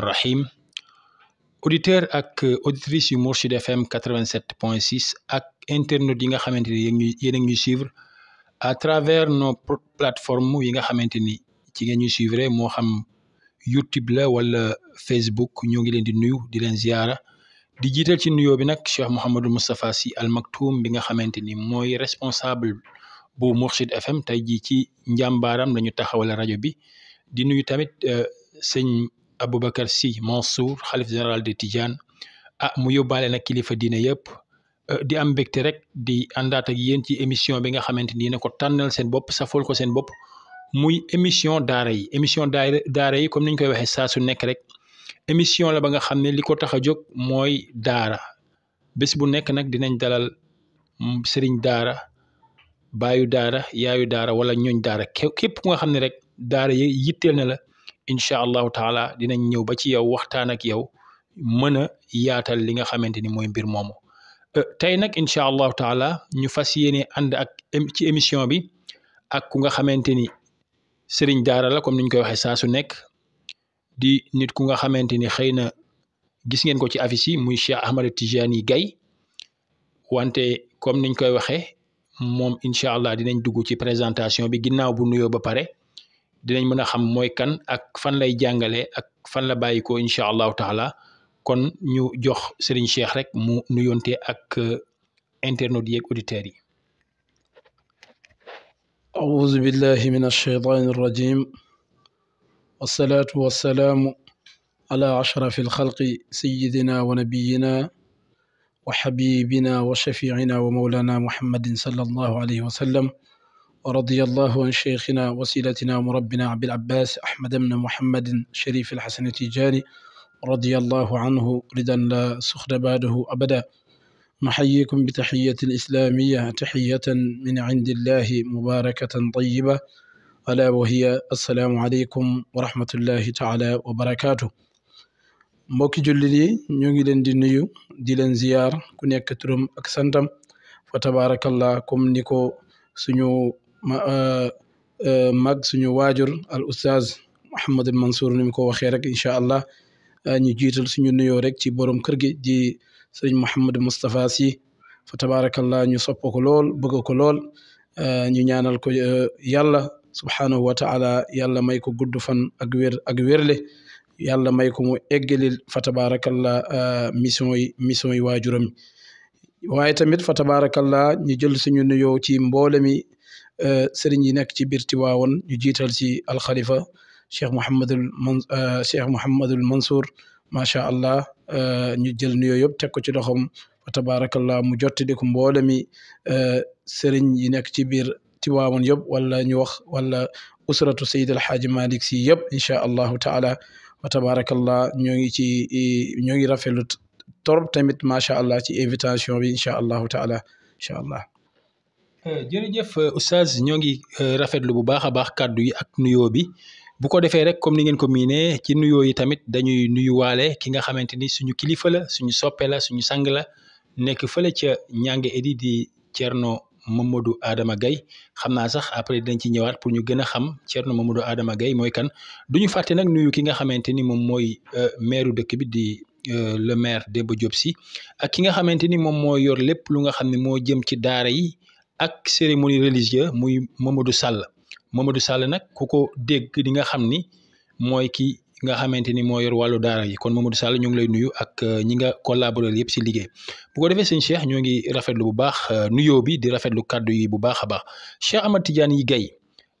rahim auditeur ak auditrice yu Mourchid FM 87.6 ak internet yi nga xamante ni yéen a ngi ñuy suivre à travers nos plateforme yi nga xamante ni ci ngeen ñuy suivre moo xam YouTube la wala Facebook ñoo ngi leen di nuyu di leen ziara di jiital ci nuyoo bi nag Cheikh Mouhamadou Moustapha si Al bi nga xamante ni mooy responsable bu Mourchid FM tey jii ci njàmbaaram lañu ñu taxawal rajo bi di nuyu tamit euh, sëñ Aboubacar Sy Mansour xalif général de Tidiane ah mu yóbbaale nag kilifa diine yëpp euh, di am mbégte rek di àndaat ak yéen ci émission bi nga xamante ni ne ko tànnal seen bopp safol ko seen bopp muy émission daara yi émission daara daara yi comme ni ñu koy waxee saa su nekk rek émission la ba nga xam ne li ko tax a jóg mooy daara bés bu nekk nag dinañ dalal mm, sëriñ daara baayu daara yaayu daara wala ñooñ daara képp ku nga xam ne rek daara yi yitteel na la incha allahu taala dinañ ñëw ba ci yow waxtaan ak yow mën a yaatal li nga xamante ni mooy mbir moomu euh, tey nag incha allahu taala ñu fas yéene ànd ak ci émission bi ak ku nga xamante ni sëriñ daara la comme niñ koy waxee saa su nekk di nit ku nga xamante ni xëy na gis ngeen ko ci affici yi muy Cheikh Ahmad Tijani gay wante comme niñ koy waxee moom incha allah dinañ dugg ci présentation bi ginnaaw bu nuyoo ba pare. dinañ mën a xam mooy kan ak fan lay jàngalee ak fan la bàyyi ko incha allahu taala kon ñu jox sëriñ Cheikh rek mu nuyonte ak euh, internautes yeeg auditeurs yi أعوذ بالله من الشيطان الرجيم والصلاة والسلام على أشرف الخلق سيدنا ونبينا وحبيبنا وشفيعنا ومولانا محمد صلى الله ورضي الله عن شيخنا وسيلتنا وربنا أبي العباس أحمد بن محمد شريف الحسن التجاني رضي الله عنه رضا لا سخر بعده أبدا نحييكم بتحية الإسلامية تحية من عند الله مباركة طيبة ألا وهي السلام عليكم ورحمة الله تعالى وبركاته mbokki jullit yi ñoo ngi leen di nuyu di leen ziyaar ku nekk turam ak santam fa tabarakallah comme ni ko suñu Euh, euh, mag suñu waajur al oustaz Mouhamadul Mansour ni mu ko waxee rek incha allah euh, ñu jiital suñu nuyoo rek ci borom kër gi di sëriñ Mouhamadou Moustapha Sy fa tabaarakallah ñu sopp ko lool bëgg ko lool ñu ñaanal ko yàlla subhaanahu wa taala yàlla may ko gudd fan ak wér ak wérle yàlla may ko mu eggalil fa tabaarakallah mission yi mission yi waajuram waaye tamit fa tabaarakallah ñu jël suñu nuyoo ci mboole mi Euh, sëriñ yi nekk ci biir Tiwaawoon ñu jiital si alxalifa cheikh Mouhamadul man euh, cheikh Mouhamadul Mansour macha allah euh, ñu jël nuyoo yëpp teg ko ci loxoom fa tabaarakallah mu jottali ko mboole mi sëriñ yi nekk ci biir Tiwaawoon yëpp wala ñu wax wala usratu Seydi El Hadji Malick Sy yëpp incha allahu taala fa tabaarakallah ñoo ngi ci ñoo ngi rafetlu torop tamit macha allah ci invitation bi incha allah taala incha allah. Euh, jërëjëf euh, oustaz ñoo ngi euh, rafetlu bu baax a baax kàddu yi ak nuyoo bi bu ko defee rek comme ni ngeen ko miinee ci nuyoo yi tamit dañuy nuyuwaale ki nga xamante ni suñu kilifa la suñu soppe suñu sang la nekk fële ca ñànge edi di Thierno Mamadou Adama Gaye xam naa sax après dinañ ci ñëwaat pour ñu gën a xam ceer no Mamadou Adama gay mooy kan du ñu fàtte nag nuyu ki nga xamante ni moom mooy maire dëkk bi di le maire Demba Diop Sy ak ki nga xamante ni moom mooy yor lépp lu nga xam ne moo jëm ci daara yi ak cérémonie religieuse muy Mamadou Sall Mamadou Sall nag ku ko dégg di nga xam ni mooy ki nga xamante ni moo yor wàllu daara yi kon Mamadou Sall ñu ngi lay nuyu ak euh, ñi nga collaborer yëpp si liggéey bu ko defee sëñ Cheikh ñoo ngi rafetlu bu baax euh, nuyoo bi di rafetlu kàddu yi bu baax a baax Cheikh Ahmad Tidiane yi Gaye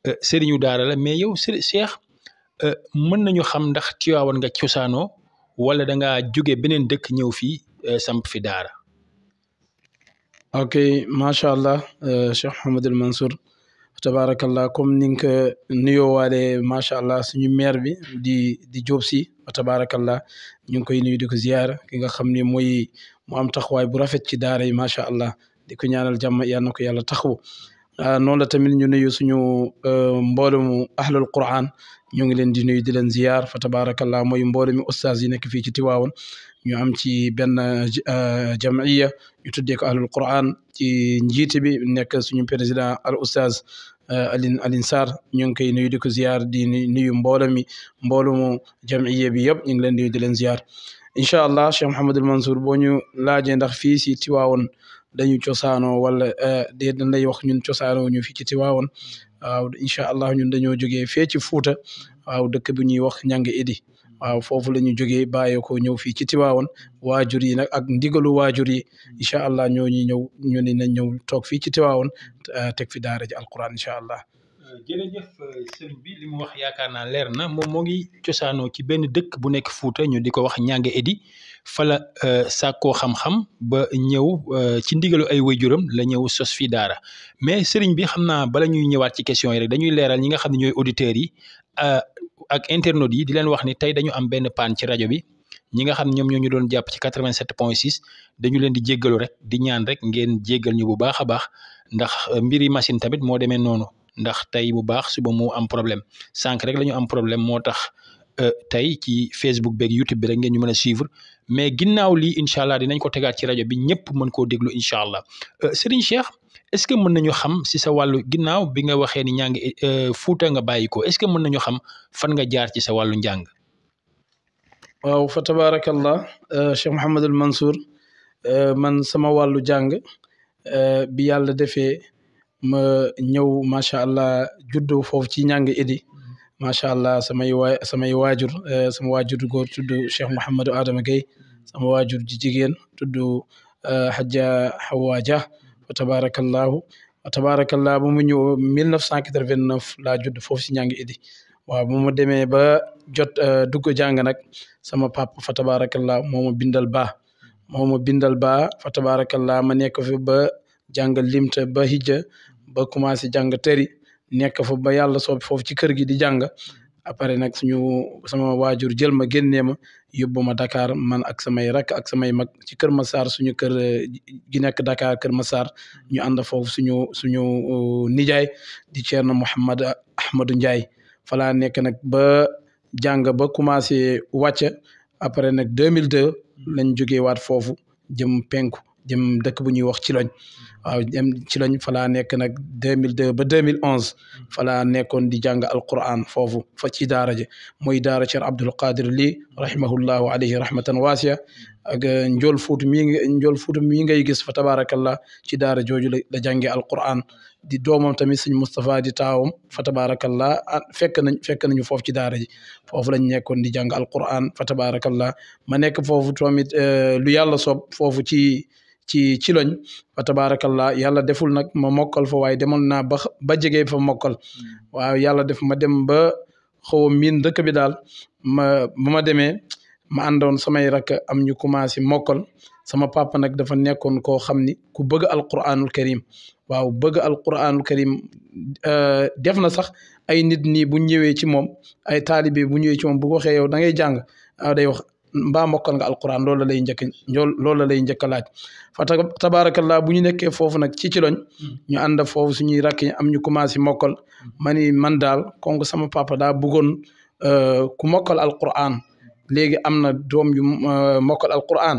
euh, sëriñu daara la mais yow Cheikh mën nañu xam ndax Tiwaawan nga cosaanoo wala da ngaa jóge beneen dëkk ñëw fii samp fi daara. ok macha allah euh, Cheikh Mouhamadul Mansour tabarakallah comme ni nga ko nuyoowaale macha allah suñu maire bi di di Diop Sy tabarakallah ñu ngi koy nuyu di ko ziyaar ki nga xam ne mooy mu am taxawaay bu rafet ci daara yi macha allah di ko ñaanal jàmm yal na ko yàlla taxawu euh, noonu la tamit ñu nuyu suñu euh, mboolemu ahlul Qur'an ñu ngi leen di nuyu di leen ziyaar fa tabarakallah mooy mboolemi ustaas yi nekk fii ci Tiwaawoon ñu am ci benn euh, jamiya ñu tuddee ko ahlul quran ci njiit bi nekk suñu président al oustaz euh, Alioune Alioune Sarr ñu ngi koy nuyu di ko ziyaar di nuyu mboolo mi mboolo mu jamiya bi yëpp ñu ngi leen di di leen ziyaar incha allah Cheikh Mouhamadul Mansour boo ñu laajee ndax fii si Tiwaawoon dañu cosaanoo wala euh, déet dañ lay wax ñun cosaanoo ñu fii ci Tiwaawoon waaw incha ñun dañoo jógee fee ci Fuuta waaw dëkk bi ñuy wax ñangi idi waaw foofu la ñu jógee bàyyeekoo ñëw fii ci Tiwaawoon waajur yi nag ak ndigalu waajur yi incha allah ñoo ñuy ñëw ñu ne nañ ñëw toog fii ci Tiwaawoon eh, teg fi daara ji alquran incha allah. jërëjëf sëriñ li mu wax yaakaar naa leer na moom moo ngi cosaanoo ci benn dëkk bu nekk Fuuta ñu di ko wax Ñànge Edy fa la eh, sàkkoo xam-xam ba ñëw eh, ci ndigalu ay waajuram la ñëw sos fii daara mais sëriñ bi xam naa bala ñuy ñëwaat ci question yi rek dañuy leeral ñi nga xam ne ñooy auditeurs yi ak internautes yi di leen wax ni tey dañu am benn panne ci rajo bi ñi nga xam ñoom ñoo ñu doon jàpp ci 87 point 6 dañu leen di jéggalu rek di ñaan rek ngeen jéggal ñu bu baax a baax ndax euh, mbiri machine tamit moo demee noonu ndax tey bu baax suba mu am problème sànq rek la am problème moo tax euh, tey ci Facebook beeg YouTube bi rek ngeen ñu mën a suivre mais ginnaaw lii incha allah dinañ ko tegaat ci rajo bi ñëpp mën koo déglu incha allah euh, Serigne Cheikh. est-ce que mën nañu xam si sa wàllu ginnaaw bi nga waxee ni ñaa ngi eh, nga bàyyi ko est-ce que mën nañu xam fan nga jaar ci sa wàllu njàng. waaw fa tabaarakallah eh, Cheikh Mouhamadul Mansour eh, man sama wàllu jàng bi yàlla defee ma ñëw macha allah juddoo foofu ci njàng idi macha allah samay waa samay waajur sama waajur góor tudd Cheikh Mouhamadou Adama Gueye sama waajur ji jigéen tudd Hadja Hawa tabaarakallaahu tabaarakallaa bu mu ñëw 1989 laa judd foofu si ñangi idi waaw bu ma demee ba jot euh, dugg jàng nag sama papa fa tabaarakallaa moo ma bindal ba moo ma bindal baa fa tabaarakallaa ma nekk fi ba jàng limta ba hijja ba commencé jàng tëri nekk fa ba yàlla soob foofu ci kër gi di jàng après nag suñu sama waajur jël ma génnee ma yóbbu ma Dakar man ak samay rakk ak samay mag ci Kër Massar suñu kër eh, gi nekk dakaar Kër Massar ñu ànd foofu suñu suñu eh, nijaay di Thierno Mouhamed Ahmadou Ndiaye falaa nekk nag ba jàng ba commencé wàcc après nag 2002 hmm. lañ jógee waat foofu jëm penku jëm dëkk bu ñuy wax ci loñ waaw jëm ci loñ falaa nekk nag deux mille deux ba deux mille onze falaa nekkoon di jàng alquran foofu fa ci daara ji muy daara Cheikh Abdul Qadir li rahimahullahu alayhi rahmatan waasiya ak eh, njool fuutu mi njool fuutu mi ngay gis fa tabaarakallah ci daara jooju la jànge alquran di doomam tamit sëñ Moustapha di taawam fa tabaarakallah ah, fekk na fekk nañu foofu ci daara ji foofu lañ nekkoon di jàng alquran fa tabaarakallah ma nekk foofu tamit eh, lu yàlla soob foofu ci ci ci loñ fa tabaarakallaa yàlla deful nag ma mokkal fa waaye demoon naa ba ba jege fa mokkal hmm. waaw yàlla def ma dem ba xaw a miin dëkk bi daal ma ba ma demee ma àndoon samay rakk am ñu commencé mokkal sama papa nag dafa nekkoon koo xam ni ku bëgg alquranul karim waaw bëgg alquranul karim euh, def na sax ay nit nii bu ñëwee ci moom ay taalibe bu ñëwee ci moom bu ko waxee yow da ngay jàng day wax mbaa mokkal nga alquran loolu la lay njëkk loolu la lay njëkk a laaj fa tabarakallah bu ñu nekkee foofu nag ci ci loñ ñu ànd foofu suñuy rakk yi am ñu commencé mokkal ma ni man daal kon sama papa daa bëggoon euh, ku mokkal alquran léegi am na doom yu euh, mokkal alquran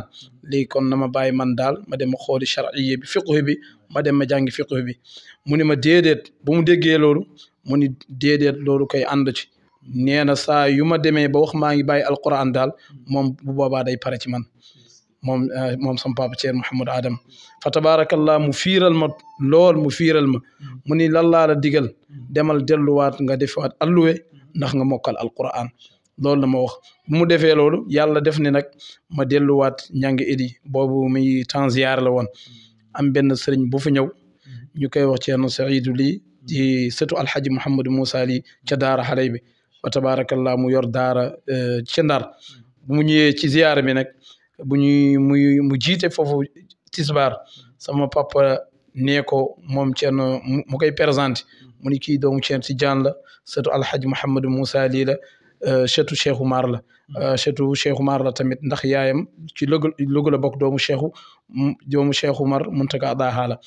léegi kon na ma bàyyi man daal ma dem ma xooli chariye bi fiqhu bi ma dem ma jàngi fiqhu bi mu ni ma déedéet bu mu déggee loolu mu ni déedéet loolu koy ànd ci nee na saa yu ma demee ba wax maa ngi bàyyi alquran daal hmm. moom bu boobaa day pare ci man moom eh, moom sama papa Thierno Mouhamed Adam fa tabaarakallah mu fiiral ma lool mu fiiral ma hmm. mu ni lan laa digal hmm. demal delluwaat nga defaat alluwe ndax nga mokkal alquran loolu la ma wax bu mu defee loolu yàlla def ni nag ma delluwaat ñàng idi boobu muy temps ziar la woon am benn sëriñ bu fi ñëw ñu koy wax Thierno Seydou lii ci sëtu alxaji Mouhamed musa li ca Daara xale bi fa tabaarakallaa mu yor daara e, ci ndar mu ñëwee ci siyaara bi nag bu ñuy muy mu jiite foofu tisbaar sama papa nee ko moom Thierno mu koy présenté mu ni kii doomu Thierno Tidiane la sëtu alxaj Mouhamadou Moussa lii la e, sëtu Cheikh Oumar la e, sëtu Cheikh Oumar la tamit ndax yaayam ci lëgu lëgu la bokk doomu Cheikh doomu Cheikh Oumar Muntaga Daha la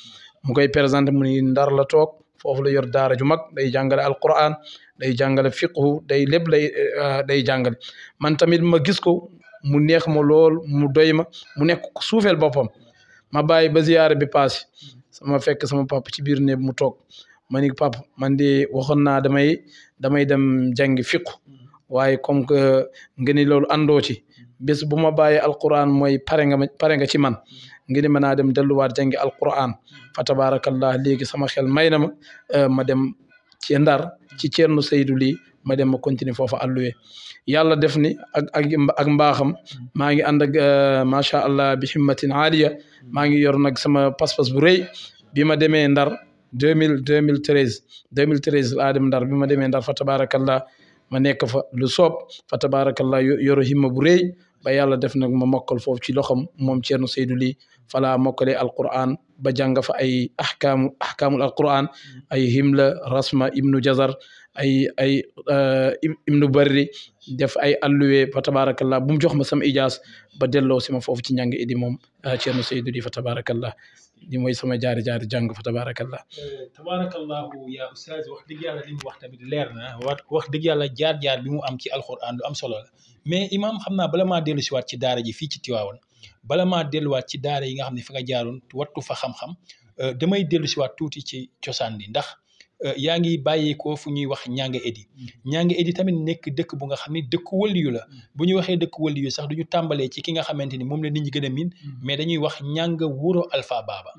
mu koy présenté mu ni ndar la toog foofu la yor daara ju mag day jàngale alquran day jàngale fiqhu day lépp lay euh, euh, day jàngale man tamit ma gis ko mu neex ma lool mu doy ma mu nekk suufeel boppam ma bàyyi ba ziyaare bi paase sama fekk sama papa ci biir néeg mu toog ma ni papa man de waxoon naa damay damay dem jàngi fiqhu waaye comme que nga ni loolu àndoo ci bés bu ma bàyyi alquran mooy pare nga pare nga ci man ngi ni ma naa dem delluwaat jàngi alquran fa tabaarakallah léegi sama xel may na ma euh, ma dem ci ndar ci Thierno Seydou li ma dem ma continuer foofa alluwe yàlla def ni ak ak ak mbaaxam maa ngi ànd ak euh, macha allah bi himmatin aaliya maa ngi yor nag sama pas-pas bu rëy bi ma demee ndar deux mille deux mille treize deux mille treize laa ndar bi ma demee ndar fa tabaarakallah ma nekk fa lu soob fa tabaarakallah yor himma bu rëy ba yàlla def nag ma mokkal foofu ci loxam moom Thierno Seydou Ly falaa mokkale alquran ba jàng fa ay ahkaamu ahkaamul alquran ay himla rasma ibnu jazar ay ay eh, ibnu barri def ay alluwe fa tabarakallah bu mu jox ma sam ijaas ba delloo si ma foofu ci njàng idi moom eh, Thierno Seydou Ly fa tabarakallah di mooy sama jaari fa tabarakallah eh, tabarakallahu yaa ustaaz wax dëgg yàlla li mu wax yàlla jaar jaar bi mu am ci alquran lu am solo la mais imaam xam naa bala maa dellu siwaat ci daara ji fii ci Tiwaawan bala maa delluwaat ci daara yi nga xam ne fi nga jaaroon wattu fa xam-xam euh, damay dellu siwaat tuuti ci cosaan li ndax Euh, yaa ngi bàyyeekoo fu ñuy wax ñanga edi mm-hmm. ñanga edi tamit nekk dëkk bu nga xam ne dëkk waliyu la mm-hmm. bu ñu waxee dëkk waliyu sax du ñu tàmbalee ci ki nga xamante ni moom la ni ñi gën a mm-hmm. mais dañuy wax ñanga wuro alpha baaba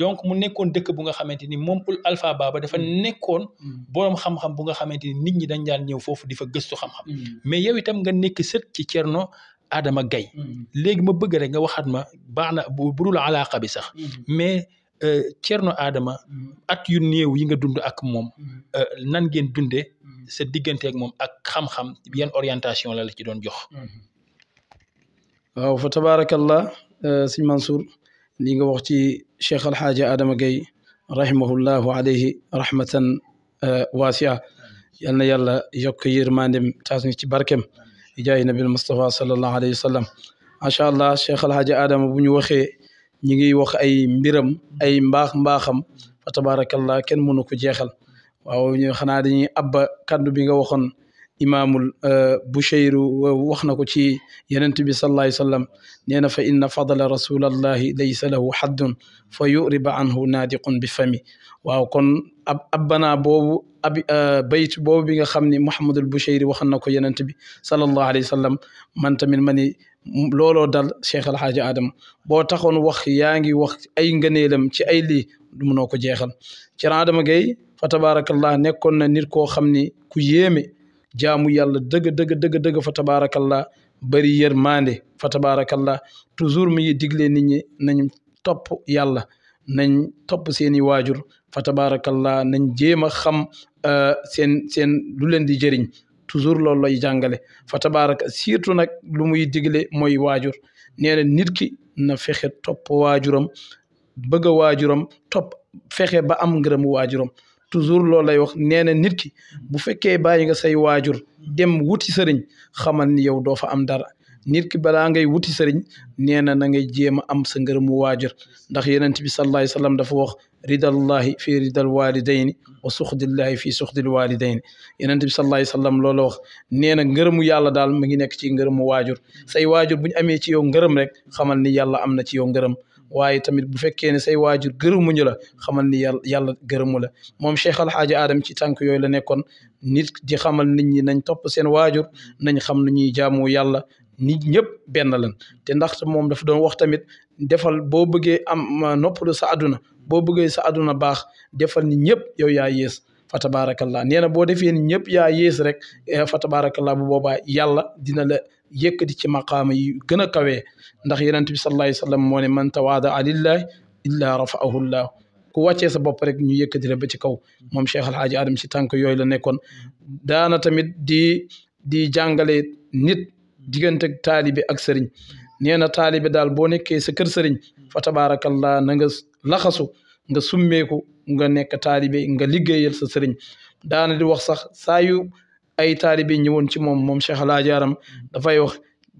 donc mu nekkoon dëkk bu nga xamante ni moom ul alpha baaba dafa nekkoon boroom xam-xam bu nga xamante ni nit ñi dañ daan ñëw foofu di fa gëstu xam-xam mais yow itam nga nekk sët ci Cerno Adama Gaye léegi ma bëgg rek nga waxaat ma baax na bu dul Euh, Thierno Adama mm. at yu néew yi nga dund ak moom mm. euh, nan ngeen dundee mm. sa diggante ak moom ak xam-xam yan orientation la la ci doon jox. waaw fa tabaarakallah euh, sëñ Mansour li nga wax ci Cheikh Al Hadj Adama Gueye rahimahullahu alayhi rahmatan waasia yal na yàlla yokk yërmandem taas ñu ci barkem jaay nabil Mustafa sallallahu alayhi wa sallam allah Cheikh Al Adama bu waxee. ñi ngi wax ay mbiram ay mbaax mbaaxam fa tabarakallah kenn mënu ko jeexal waaw ñu xanaa dañuy abba kàddu bi nga waxoon imaamul euh, Bushayru wax na ko ci yenent bi sallallahu alayhi sallam nee na fa inna fadla rasulallahi laysa lahu xaddun fa yuriba anhu naadiqun bi fami waaw kon ab abbanaa boobu ab euh, bayt boobu bi nga xam ne Muhammadul Bushayri waxoon na ko yenent bi sallallahu alayhi sallam man tamit ma looloo dal Cheikh El Hadj Adam boo taxoon wax yaa ngi wax ay ngëneelam ci ay lii du munoo ko jeexal ci Adama Gaye fa tabaarakallah nekkoon na nit koo xam ni ku yéeme jaamu yàlla dëgg dëgg dëgg dëgg fa tabaarakallah bari yërmande fa tabaarakallah toujours mi ngi digle nit ñi nañ topp yàlla nañ topp seeni waajur fa tabaarakallah nañ jéem a xam euh, seen seen lu leen di jëriñ. toujours loolu lay jàngale fa tabaaraka surtout nag lu muy digle mooy waajur nee nit ki na fexe topp waajuram bëgg a waajuram topp fexe ba am ngërëmu waajuram toujours loolu lay wax nee na nit ki bu fekkee bàyyi nga say waajur dem wuti sëriñ xamal ni yow doo fa am dara nit ki balaa ngay wuti sëriñ nee na na ngay jéem a am sa ngërëmu waajur ndax yenent bi sallallahu alayhi wa sallam dafa wax ridallahi fi ridal walidayni wa suxdillahi fi suxdil walidayni yonent bi sallallahu alayhi wa sallam loola wax nee na ngërëmu yàlla daal mu ngi nekk ci ngërëmu waajur say waajur bu ñu amee ci yow ngërëm rek xamal ni yàlla am na ci yow ngërëm waaye tamit bu fekkee ne say waajur gërëmuñu la xamal ni yàlla yàlla gërëmu la moom Cheikh Alxaaji Adam ci tànk yooyu la nekkoon nit ji xamal nit ñi nañ topp seen waajur nañ xam nu ñuy jaamu yàlla nit ñëpp benn lan te ndax moom daf doon wax tamit defal boo bëggee am noppalu sa àdduna boo bëggee sa àdduna baax defal ni ñëpp yow yaa yées fa tabarakallah nee na boo defee ni ñëpp yaa yées rek eh, fa tabarakallah bu boobaa yàlla dina la yëkkati ci maqaama yi gën a kawee ndax yonent bi sallallahu alayhi wa moo ne man tawaadaa lillahi illaa rafa'ahu ku wàccee sa bopp rek ñu yëkkati rek ba ci kaw moom Cheikh Al Hadj Adam ci tànk yooyu la nekkoon daana tamit di di jàngale nit diggante taalibi ak sëriñ nee na taalibe daal boo nekkee sa kër sëriñ fa tabaarakallah na nga laxasu nga summeeku nga nekk taalibe nga liggéeyal sa sëriñ daana di wax sax saa yu ay taalibe ñëwoon ci moom moom Cheikh Alaaji dafay wax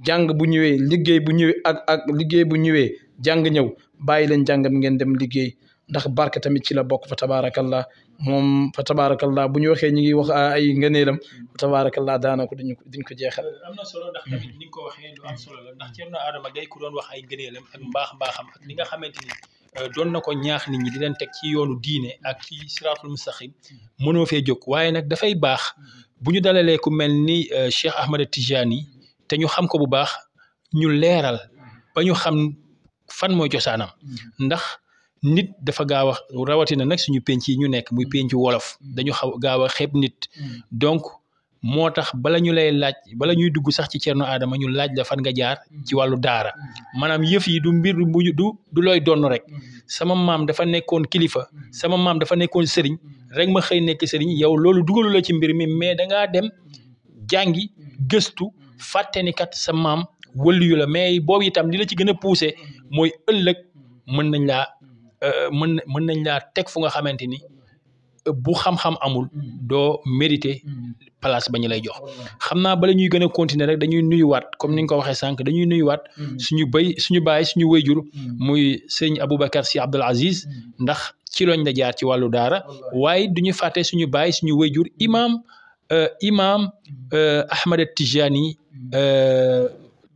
jàng bu ñëwee liggéey bu ñëwee ak ak liggéey bu ñëwee jàng ñëw bàyyi leen jàngam ngeen dem liggéey ndax barke tamit ci la bokk fa tabaarakallah moom fa tabaarakallaa bu ñu waxee ñu ngi wax ay ngëneelam mm. fa tabaarakallaa daanako duñ ko duñ ko jeexal. am solo ndax ni nga ko waxee lu am solo la ndax Thierno Adama Gaye ku doon wax ay ngëneelam ak mbaax mbaaxam ak li nga xamante ni euh, doon na ko ñaax nit ñi di leen teg ci yoonu diine ak ci siraatul mustaqim mm. mënoo fee jóg waaye nag dafay baax mm. bu ñu dalalee ku mel ni euh, Cheikh Ahmed Tijani te ñu xam ko bu baax ñu leeral bañu xam fan mooy cosaanam ndax. nit dafa gaaw rawatina nag suñu penc yi ñu nekk muy pencu wolof mm. dañu xaw gaaw a xeeb nit mm. donc moo tax bala ñu lay laaj bala ñuy dugg sax ci Thierno Adama ñu laaj la fan nga jaar mm. ci wàllu daara maanaam yëf yi du mbir bu du du looy donn rek sama maam dafa nekkoon kilifa sama maam dafa nekkoon sëriñ rek ma xëy nekk sëriñ yow loolu dugalu la ci mbir mi mais da ngaa dem jàngi gëstu fàtte ni kat sa maam wëllu yu la mais boobu itam li ci gën a poussé mooy ëllëg mën nañ laa Euh, mën mën nañ laa teg fu nga xamante ni bu xam-xam amul doo mérité place ba ñu lay jox xam naa bala ñuy gën a continuer rek dañuy nuyuwaat comme ni nga ko waxee sànq dañuy nuyuwaat mm. suñu béy suñu baay suñu wéyjur mm. muy sëñ Aboubacar Sy Abdoul Aziz mm. ndax ci looñ la jaar ci wàllu daara waaye duñu fàtte suñu baay suñu wéyjur imaam euh, imaam euh, Ahmed Tijani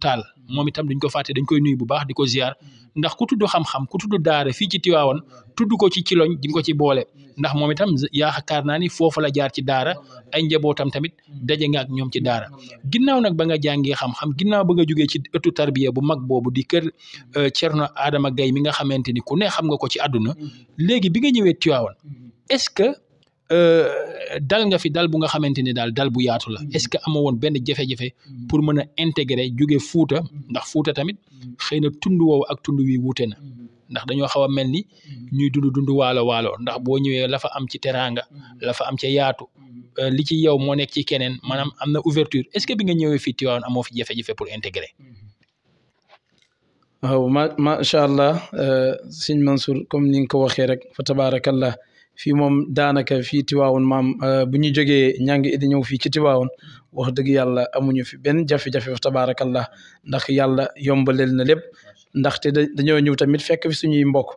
Tall moom itam duñ ko fàtte dañ koy nuyu bu baax di ko ziar ndax ku tudd xam-xam ku tudd daara fii ci Tiwaawan tudd ko ci Ciloñ di nga ko ci boole ndax moom itam yaakaar naa ni foofu la jaar ci daara ay njabootam tamit daje nga ak ñoom ci daara ginnaaw nag ba nga jàngee xam-xam ginnaaw ba nga jógee ci ëttu tarbiya bu mag boobu di kër Cerno euh, Adama Gaye mi nga xamante ni ku ne xam nga ko ci àdduna léegi bi nga ñëwee Tiwaawan est-ce dal nga fi dal bu nga xamante ne daal dal bu yaatu la mm-hmm. est-ce que amoo woon benn jafe-jafe mm-hmm. pour mën a intégrer jóge Fuuta mm-hmm. ndax Fuuta tamit xëy na tund woowu ak tund wi wuute na ndax dañoo xaw a mel ni ñuy dund dund waalo waalo ndax boo ñëwee lafa am ci teraanga lafa am ca yaatu euh, li ci yow moo nekk ci keneen maanaam am na ouverture est-ce que bi nga ñëwee fii Tivaouane amoo fi jafe-jafe pour intégrer. waaw ma macha allah euh, sëñ Mansour comme ni nga ko waxee rek fa fii moom daanaka fii Tiwaawoon maam euh, bu ñu jógee ñangi idi ñëw fii ci Tiwaawoon wax dëgg yàlla amuñu fi benn jafe-jafe fa tabaarakallah ndax yàlla yombalel na lépp ndaxte dañoo ñëw tamit fekk fi suñuy mbok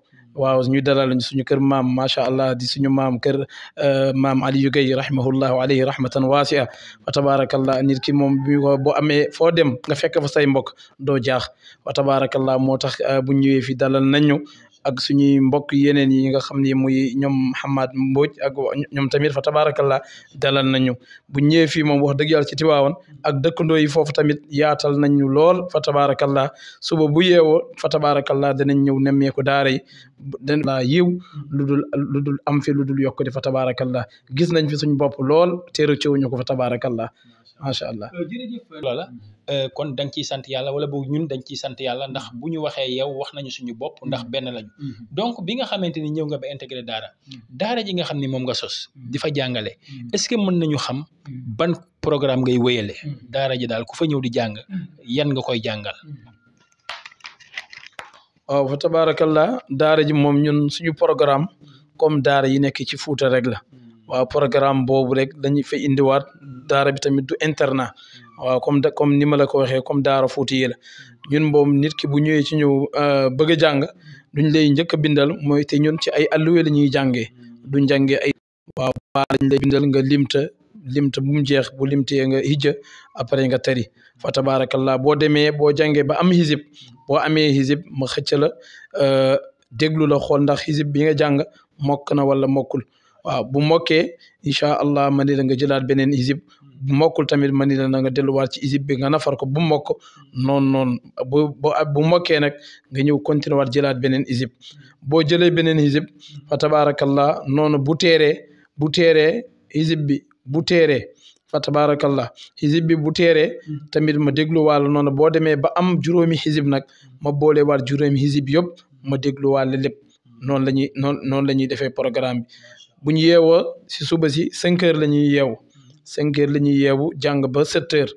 waaw ñu dalal ñu suñu kër maam macha allah di suñu maam kër euh, maam Aliou Guèye rahimahullahu alayhi rahmatan waasia fa tabaarakallah nit ki moom bi ko boo amee foo dem nga fekk fa say mbokk doo jaax fa tabaarakallah moo tax euh, bu ñëwee fi dalal nañ ñu ak suñuy mbokk yeneen yi nga xam ni muy ñoom Mouhamad Mbodj ak ñoom tamit fa tabaarakallah dalal nañu bu ñëwee fii moom wax dëgg yàlla ci Tiwaawan ak dëkkandoo yi foofu tamit yaatal nañu lool fa tabaarakallah suba bu yeewoo fa tabaarakallah danañ ñëw nemmeeku daara yi dana laa yiw lu dul lu dul am fi lu dul yokk di fa tabaarakallah gis nañ fi suñ bopp lool teeru ci wuñu ko fa tabaarakallah macha allah euh, loola mm. euh, kon dang nga sant yàlla wala boobu ñun dañ ciy sant yàlla ndax mm. bu ñu waxee yow wax nañu suñu bopp ndax mm. benn lañu donc bi nga xamante ni ñëw nga ba intégré daara daara ji nga xam ni moom nga sos di fa jàngale est-ce que mën nañu xam ban programme ngay wéyale daara ji daal ku fa ñëw di jàng yan nga koy jàngal waaw fa tabarakallah daara ji moom ñun suñu programme comme daara yi nekk ci Fuuta rek la waaw programme boobu rek dañu fa indiwaat daara bi tamit du internat waaw comme comme ni ma la ko waxee comme daara Fuuti yi la ñun moom nit ki bu ñëwee ci ñëw euh, bëgg a jàng duñ lay njëkk a bindal mooy te ñun ci ay alluwe la ñuy jàngee duñ jànge ay waaw baa lañ lay bindal nga limta limta bu mu jeex bu limtee nga hijja après nga tari fa tabarakallah boo demee boo jàngee ba am hizib boo amee hizib ma xëcc la euh, déglu la xool ndax hizib bi nga jàng mokk na wala mokkul waaw bu mokkee incha allah ma ni la nga jëlaat beneen isib bu mokkul tamit ma ni la nga delluwaat ci isib bi nga nafar ko bu mokk noonu noonu bu bu mokkee nag nga ñëw continuer waat jëlaat beneen isib boo jëlee beneen isib fa tabaarakallah noonu bu teeree bu teeree isib bi bu teeree fa tabaarakallah xisib bi bu teeree tamit ma dégluwaal noonu boo demee ba am juróomi xisib nag ma boole waat juróomi xisib yëpp ma dégluwaale lépp noonu la ñuy noonu noonu la defee programme bi bu ñu yeewoo si suba si cinq heures la ñuy yeewu cinq heures la ñuy yeewu jàng ba sept heures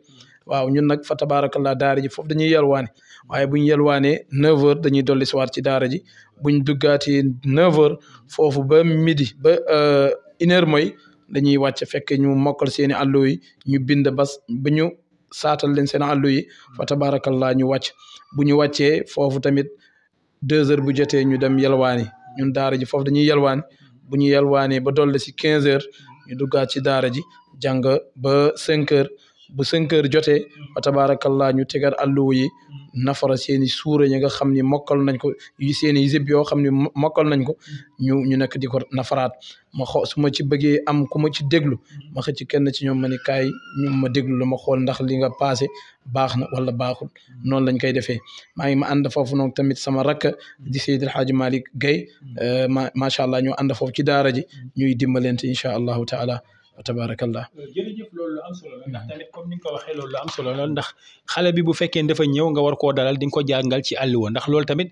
waaw ñun nag fa tabaarakallaa daara ji foofu dañuy yelwaane waaye bu ñu yelwaanee neuf heures dañuy dolli siwaat ci daara ji bu duggaatee neuf heures foofu ba midi ba euh, une heure mooy dañuy wàcc fekk ñu mokkal seeni àllu yi ñu bind bas ba ñu saatal leen seen àllu yi fa tabaarakallaa ñu wàcc bu ñu wàccee foofu tamit deux heures bu jotee ñu dem yelwaani ñun daara ji foofu dañuy yelwaani bu ñu yalwaanee ba dolli ci quinze heures ñu duggaat ci daara ji jàng ba cinq ba cinq heures jotee fa tabaarakallaa ñu tegaat alluwa yi mm. nafara seeni suura yi nga xam ni mokkal nañ ko seeni i yoo xam ni mokkal nañ ko ñu ñu nekk di ko nafaraat ma xo su ma ci bëggee am ku ma ci déglu mm. ma xëcc kenn ci ñoom ma ni kaay ñu ma déglu la ma xool ndax li nga passé baax na wala baaxul mm. noonu lañ koy defee maa ngi ma ànd foofu noon tamit sama rakk di Seydi El Hadji Malick Guèye euh, ma macha allah ñu ànd foofu ci daara ji ñuy dimbalante incha allahu taala tabaarakallah jërëjëf loolu lu am la ndax tamit comme ni nga ko waxee loolu lu am solo la ndax xale bi bu fekkee dafa ñëw nga war koo dalal di nga ko jàngal ci àll ndax loolu tamit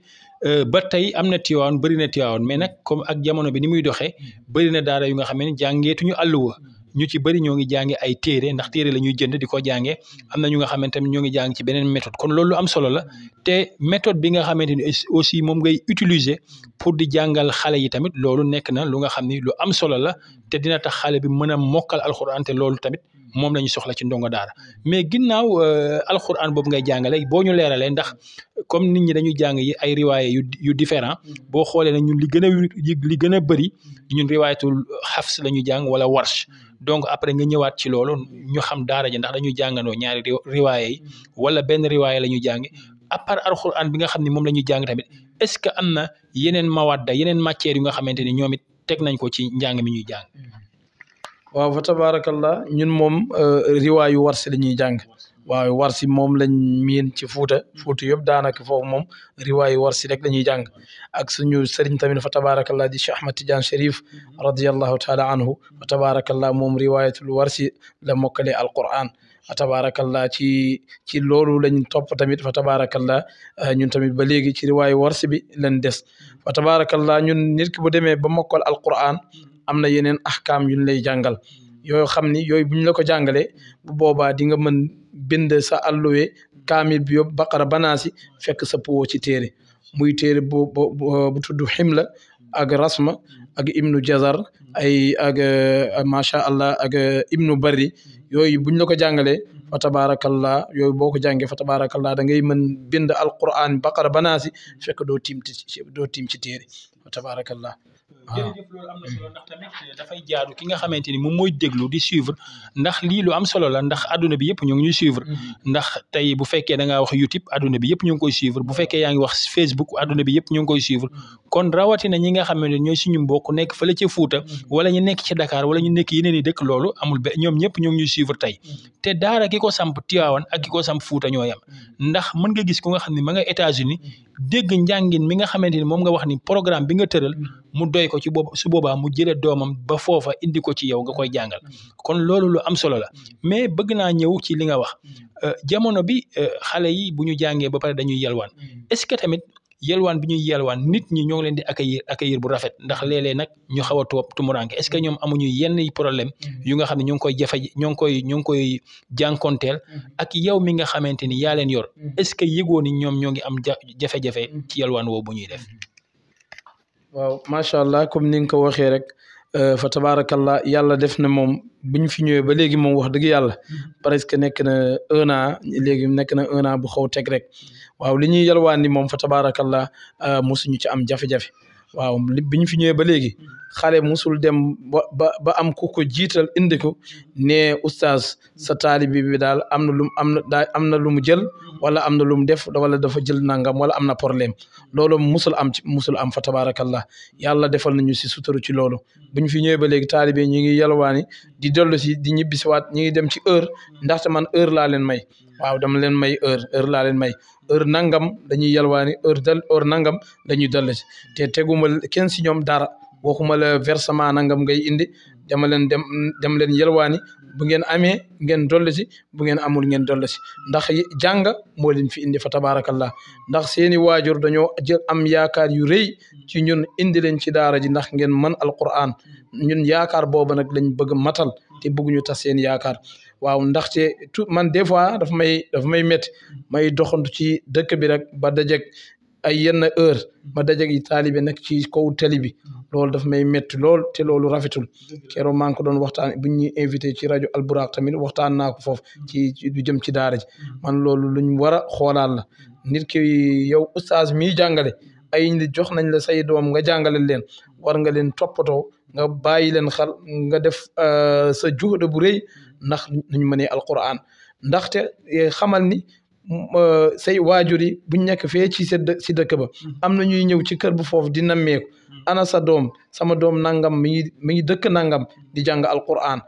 euh, ba tey am na Tiwaawan bëri na Tiwaawan mais nag comme ak jamono bi ni muy doxee mm. bëri na daara yu nga xam ne jàngeetuñu àll wa mm. ñu ci bëri ñoo ngi jànge ay téere ndax téere la ñuy jënd di ko jànge mm. am na ñu nga xamante ne ñoo ngi jàng ci beneen méthode kon loolu am solo la te méthode bi nga xamante ni aussi moom ngay utiliser pour di jàngal xale yi tamit loolu nekk na lu nga xam ni lu am solo la te dina tax xale bi mën a mokkal alxuraan te loolu tamit moom la soxla ci ndongo daara mais ginnaaw euh, alxuraan boobu ngay jàngale boo ñu leeralee ndax comme nit ñi dañuy jàng yi ay riwaaye yu yu différent boo xoolee ne ñun li gën a li gën a bëri ñun riwaayatul xafs la ñuy jàng wala warsh donc après nga ñëwaat ci loolu ñu xam daara ji ndax dañuy jàngandoo ñaari riwaaye yi wala benn riwaaye la ñuy jàngi à part alxuraan bi nga xam ne moom la ñuy jàng tamit est-ce que am na yeneen mawadda yeneen matières yu nga xamante ni ñoom it teg nañ ko ci njàng mi ñuy jàng mm-hmm. waaw fa tabaarakallah ñun moom euh, riwaayu warsi la ñuy jàng waaw warsi moom lañ miin ci fuuta mm-hmm. fuuta yëpp daanaka foofu moom riwaayu warsi rek la ñuy ak suñu sëriñ tamit fa tabaarakallah di Cheikh Ahmad Tidiane Chérif mm-hmm. radiallahu taala anhu fa tabaarakallah moom riwaayatul warsi la mokkale alquran fa tabarakallah ci ci loolu lañ topp tamit fa tabarakallah ah, ñun tamit ba léegi ci riwaayu warsi bi lañ des fa tabarakallah ñun nit ki bu demee ba mokkal alquran am na yeneen ahkaam yuñ lay jàngal yooyu xam ni yooyu buñ la ko jàngale bu boobaa di nga mën bind sa alluwe kaamil bi yóbbu baqara banaasi fekk sa puwoo ci téere muy téere bu bu tudd ximla ak rasma ak ibnu jazar ay ak ah, macha allah ak ibnu bari yooyu buñ la ko jàngalee fa tabaarakallaa yooyu boo ko jàngee fa tabaarakallaa da ngay mën bind alquran baqara banaasi fekk doo tiim ci doo tiim ci téere fa tabaarakallaa Ah. jërëjëf loolu am na solo euh, dafay jaadu ki nga xamante ni moom mooy déglu di suivre ndax lii lu am solo la ndax aduna bi yëpp ñu ngi ñuy suivre mhm. ndax tey bu fekkee da ngaa wax YouTube adduna bi yëpp ñu ngi koy suivre bu fekkee yaa ngi wax Facebook adduna bi yëpp ñu ngi koy suivre mhm. kon rawatina ñi nga xamante ni ñooy ñu mbokk nekk fële ca Fuuta mhm. wala ñu nekk ci Dakar wala ñu nekk yeneen i dëkk loolu amul be ñoom ñëpp ñu ngi ñuy suivre tey te daara ki ko samp Tiwaawan a ki ko samp Fuuta ñoo yam ndax mën nga gis ku nga xam ne ma nga États-Unis dégg njàngin mi nga xamante ni moom nga wax ni programme bi nga tëral mu doy ko ci boobu su boobaa mu jëlee doomam ba foofa indi ko ci yow nga koy jàngal kon loolu lu am solo la mais bëgg naa ñëw ci li nga wax euh, jamono bi euh, xale yi bu ñu jàngee ba pare dañuy yalwaan est-ce que tamit yelwaan bi ñuy yelwaan nit ñi ñoo ngi leen di accueillir accueillir bu rafet ndax léeg-léeg nag ñu xaw a toog tumuranke est-ce que ñoom amuñu yenn problème mm-hmm. yu nga xam ne ñu ngi koy jafe ñu ngi koy ñu ngi koy jànkonteel mm-hmm. ak yow mi nga xamante ni yaa leen yor mm-hmm. est-ce que yëgoo ni ñoom ñoo ngi am jafe-jafe ci yelwaan woowu bu ñuy def waaw macha allah comme ni nga ko waxee rek Euh, fa tabaarakallah yàlla def na moom bu ñu fi ñëwee ba léegi moom wax dëgg yàlla mm-hmm. presque nekk na un an léegi nekk na un an bu xaw teg rek mm-hmm. waaw li ñuy yalwaan ni moom fa tabaarakallah euh, mosuñu ci am jafe waaw bi ñu fi ñëwee ba léegi hmm. xale musul dem ba ba ba am ku ko jiital indi ko ne oustaz sa taalibi bi daal am na lu am na daa am na lu mu jël hmm. wala am na lu mu def wala dafa jël nangam wala am na problème hmm. loolu musul am ci musul am fa tabaarakallah yàlla defal ñu si suturu ci loolo bu ñu fi ñëwee ba léegi taalibi ñu ngi yalwaani di dellu si di ñibbisiwaat ñu ngi dem ci heure ndaxte man heure laa leen may waaw dama leen may heure heure laa leen may heure nangam dañuy yalwaani heure dal heure nangam dañuy dall ci te teguma kenn si ñoom dara waxuma la versement nangam ngay indi dama leen dem dem leen yalwaani bu ngeen amee ngeen doll si bu ngeen amul ngeen doll si ndax jàng moo leen fi indi fa tabaarakallah ndax seeni waajur dañoo jël am yaakaar yu rëy ci ñun indi leen ci daara ji ndax ngeen mën alquran ñun yaakaar booba nag lañ bëgg matal te bëgguñu tas seen yaakaar waaw ndaxte tout man des fois dafa may dafa may métti doxantu ci dëkk bi rek ba dajeg ay yenn heure ma dajeg yi taalibe nekk ci kaw tali bi loolu dafa may métti lool te loolu rafetul keroog maa ngi ko doon waxtaan bu ñu invité ci rajo Alburaq tamit waxtaan naa ko foofu ci du jëm ci daara ji man loolu luñ war a xoolaal la nit ki yow oustaz mi jàngale ay nit jox nañ la say doom nga jàngale leen war nga leen toppatoo nga bàyyi leen xel nga def euh, sa juhda bu rëy ndax nuñ mënee alquran ndaxte e, xamal ni e, say waajur yi buñ nekk fee ci sa si dëkk ba am na ñuy ñëw ci kër bu foofu di nammeeku ana sa doom sama doom nangam mi ngi mi ngi dëkk nangam di jàng alquran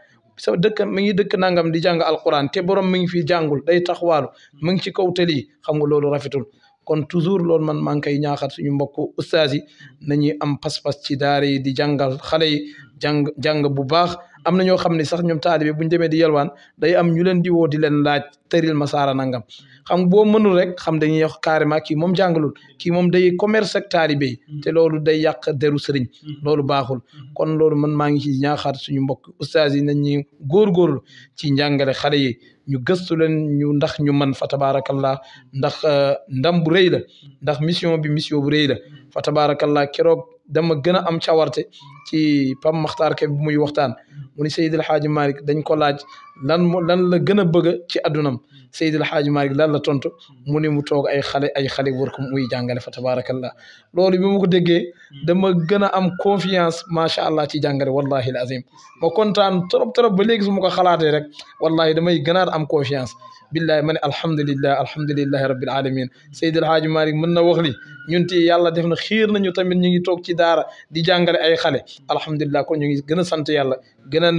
sa dëkk mi ngi dëkk nangam di jàng alquran te borom mi ngi fi jàngul day taxawaalu mi ngi ci kaw tali xam nga loolu rafetul kon toujours loolu man maa ngi koy ñaaxaat suñu mbokku ustaas yi nañuy am pas-pas ci daara yi di jàngal xale yi jàng jàng bu baax am na ñoo xam ne sax ñoom taalibe bu ñu demee di yalwaan day am ñu leen di woo di leen laaj tëril ma saara nangam xam boo mënul rek xam dañuy wax carrément kii moom jàngalul kii moom day commerce ak taalibe yi te loolu day yàq deru sëriñ loolu baaxul kon loolu man maa ngi ci ñaaxaat suñu mbokk ustaas yi nañu góorgóorlu ci njàngale xale yi ñu gëstu leen ñu ndax ñu man fa tabaarakallah ndax euh, ndam bu rëy la ndax mission bi mission bu rëy la fa tabaarakallah keroog dama gën a am mm. cawarte ci Pape Makhtar Kébé muy waxtaan mm. mu ni Seydil Hadji Malick dañ ko laaj lan moo lan la gën a bëgg ci addunam mm. Seydil Hadji Malick lan la tontu mu ni mu toog ay xale ay xale wër ko muy jàngale fa tabaarakallah loolu bi ma ko déggee dama gën a am confiance macha allah ci jàngale wallahi al azim ma kontaan trop trop ba léegi su ma ko xalaatee rek wallahi damay gënaat am confiance billaay ma ne alhamdulilah alhamdulilahi rabbil alamin Seydil Haaji Malick mën na wax li ñun ti yàlla def na xiir nañu tamit ñu ngi toog ci daara di jàngale ay xale alhamdulilah kon ñu ngi gën a sant yàlla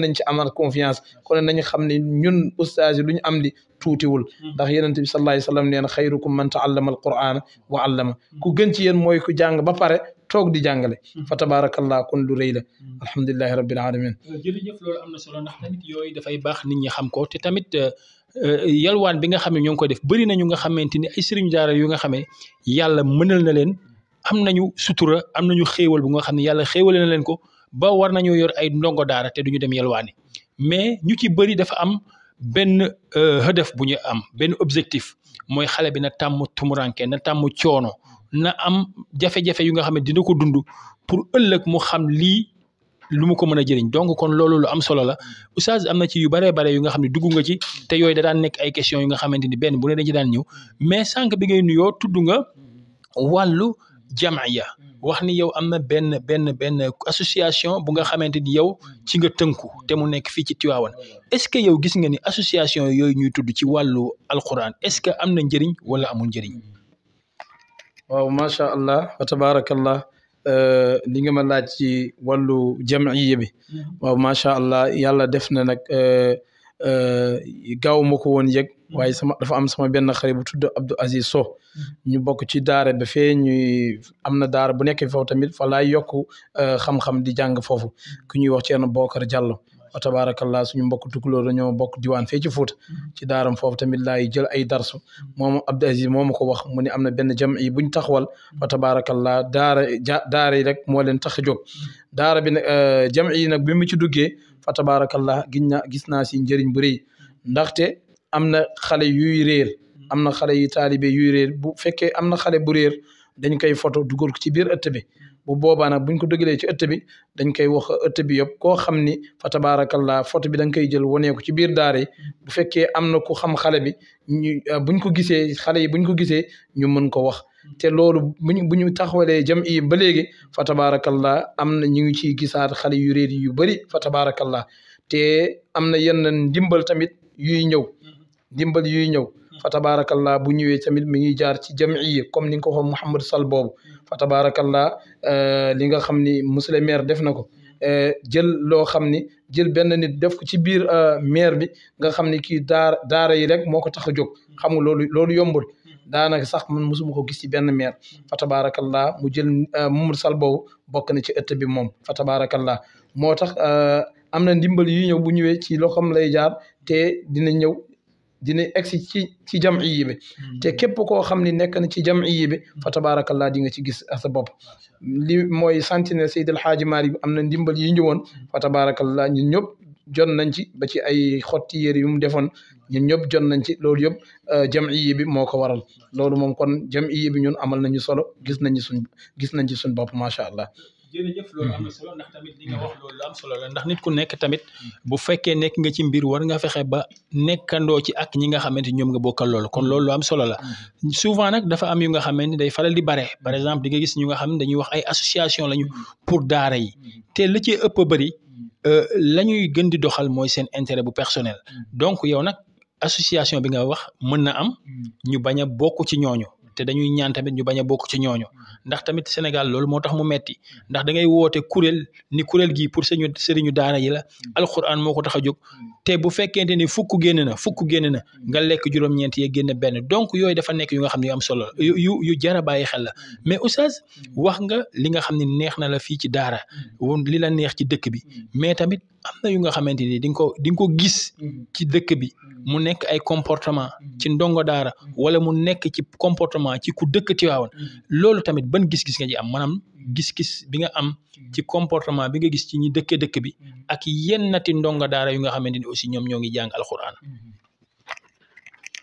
nañ ci amal confiance kon nañu xam ne ñun ustaas yi am li tuutiwul hmm. ndax yonent bi sallallahu alayhi wa sallam nee na xayrukum man taallama alqur'ana wa allama ku gën ci yéen mooy ku jàng ba pare toog di jàngale hmm. fa tabaarakallah kon lu rëy la hmm. alhamdulilahi rabbil alamin jërëjëf loolu am na solo ndax tamit yooyu dafay baax nit ñi xam ko Euh, yalwaan bi nga xam ne ñoo ngi koy def bëri na ñu nga xamante ni ay sëriñu daara yu nga xamee yàlla mënal na leen am na ñu sutura am na ñu xéewal bu nga xam ne yàlla xéewale na leen ko ba war nañoo yor ay ndongo daara te duñu dem yalwaani mais ñu ci bëri dafa am benn euh, hëdëf bu ñu am benn objectif mooy xale bi na tàmm tumuranke na tàmm coono na am jafe-jafe yu nga xam ne dina ko dund pour ëllëg mu xam lii lu mu ko mën a jëriñ donc kon loolu lu am solo la oustaz am na ci yu baree bare yu nga xam ne dugg nga ci te yooyu da daan nekk ay question yu nga xamante ni benn bu ne dañ ci daan ñëw mais sànq bi ngay nuyoo tudd nga wàllu jamaaya wax ni yow am na benn benn benn association bu nga xamante ni yow ci nga tënku te mu nekk fii ci Tivaouane est-ce que yow gis nga ni association yooyu ñuy tudd ci wàllu alquran est-ce que am na njëriñ wala amul njëriñ. waaw macha allah wa Euh, li nga ma laaj ci wàllu jamiya mm-hmm. macha allah yàlla def na nag euh, euh, gaaw ma ko woon yëg mm-hmm. waaye sama dafa am sama benn xarit bu tudd Abdou Aziz So mm-hmm. ñu bokk ci daara ba fee ñuy am na daara bu nekk foofu tamit fa laay yokk xam-xam di jàng foofu ku ñuy wax ci yenn Bokar Diallo fa tabarakallah suñu mbokk tukulóor dañoo bokk diwaan fee ci Fuuta mm-hmm. ci daaram foofu tamit laay jël ay darsu moom Abdou Aziz moom ma ko wax mu ne am na benn jam yi buñ taxawal fa mm-hmm. tabarakallah daara daara yi rek moo leen tax a jóg mm-hmm. daara bi nag euh, jam yi nag bi mu ci duggee fa tabarakallah gis naa gis naa si njëriñ bu rëy ndaxte am na xale yuy réer am na xale yu taalibe yuy réer bu fekkee am na xale bu réer dañ koy photo dugal ci biir ëtt bi bu boobaa nag buñ ko dugalee ci ëtt bi dañ koy wax ëtt bi yëpp koo xam ni fa tabaarakallaa photo bi da nga koy jël waneeku ci biir daara bu fekkee am na ku xam xale bi ñu euh, buñ ko gisee xale yi buñ ko gisee ñu mën ko wax te loolu buñ bu ñu taxawalee jam yi ba léegi fa tabaarakallaa am na ñu ngi ciy gisaat xale yu réer yu bëri fa tabaarakallaa te am na yenn ndimbal tamit yuy ñëw ndimbal yuy ñëw fa tabaarakallaa bu ñëwee tamit mi ngi jaar ci jam yi comme ni nga ko waxee Mouhamed boobu fa tabaarakallaa euh, li nga xam ni monsieur maire def na ko euh, jël loo xam ni jël benn nit def ko ci biir euh, maire bi nga xam ni kii daar daara yi rek moo ko tax a jóg xam loolu yombul daanaka sax man mosuma ko gis ci benn maire fa tabaarakallaa mu jël Mamadou Sall bokk na ci ëtt bi moom fa tabaarakallaa moo tax am na ndimbal yu ñëw bu ñëwee ci loo xam lay jaar te dina ñëw dina egsi ci ci jam'i bi hmm. te képp koo xam ni nekk na ci jam'i bi hmm. fa tabaarakallaa di nga ci gis a sa bopp li mooy santine Seydi El Hadji Malick am na ndimbal yi ñu woon hmm. fa tabaarakallaa ñun ñëpp jot nañ ci ba ci ay xotti yére yu mu defoon ñun ñëpp jot nañ ci loolu yëpp euh, jam'iyi bi moo ko waral loolu moom kon jam'iyi bi ñun amal nañu solo gis nañ ci gis nañ ci suñ bopp macha allah jërëjëf loolu am na solo ndax mm-hmm. loolu am solo la ndax nit ku nekk tamit mm-hmm. bu fekkee nekk nga ci mbir war nga fexe ba nekkandoo ci ak ñi nga xamante ñoom nga bokkal loolu kon loolu am solo la mm-hmm. souvent nag dafa am yu nga xamante day faral di bare par exemple di nga gis ñu nga xam ne dañuy wax ay association lañu pour daara yi te la ci ëpp bëri euh, la ñuy gën di doxal mooy seen intérêt bu personnel donc yow nag association bi nga wax mën na am ñu bañ a bokk ci ñooñu te dañuy ñaan tamit ñu bañ a bokk ci ñooñu mm-hmm. ndax tamit Sénégal loolu moo tax mu metti ndax dangay ngay woote kuréel ni kuréel gii pour sëñu sëriñu daara yi la mm-hmm. alxuraan moo ko tax a jóg mm-hmm. te bu fekkente ni fukk génn na fukk génn na nga lekk juróom-ñeent yee génn benn donc yooyu dafa nekk yu nga xam ne am solo yu yu yu jar a bàyyi xel la mais oustaz wax nga li nga xam ne neex na la fii ci daara woon li la neex ci dëkk bi mais tamit am na yu nga xamante ni di nga ko di ko gis mm-hmm. ci dëkk bi mm-hmm. mu nekk ay comportement mm-hmm. ci ndongo daara wala mu nekk ci comportement ci ku dëkk Tiwaawan loolu tamit ban gis-gis nga ci am maanaam gis-gis bi nga am ci comportement bi nga gis ci ñi dëkkee dëkk bi ak yennati ndongo daara yu nga xamante ni aussi ñoom ñoo ngi jàng alxuraan.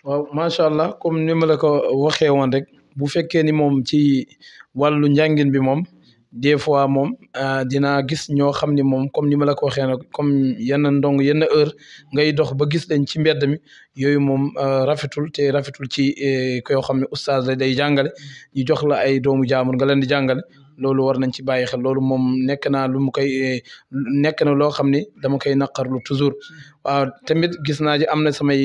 waaw macha allah comme ni ma la ko waxee woon rek bu fekkee ni moom ci wàllu njàngin bi moom. des fois moom euh, dinaa gis ñoo xam ni moom comme ni ma la ko waxee nag comme yenn ndong yenn heure ngay dox ba gis leen ci mbedd mi yooyu moom euh, rafetul te rafetul ci eh, koo xam ne oustaz la day jàngale ñu jox la ay doomu jaamur nga leen di jàngale loolu war nañ ci bàyyi xel loolu moom nekk naa lu mu koy eh, nekk na loo xam ni dama koy naqarlu toujours waaw tamit gis naa ji am na samay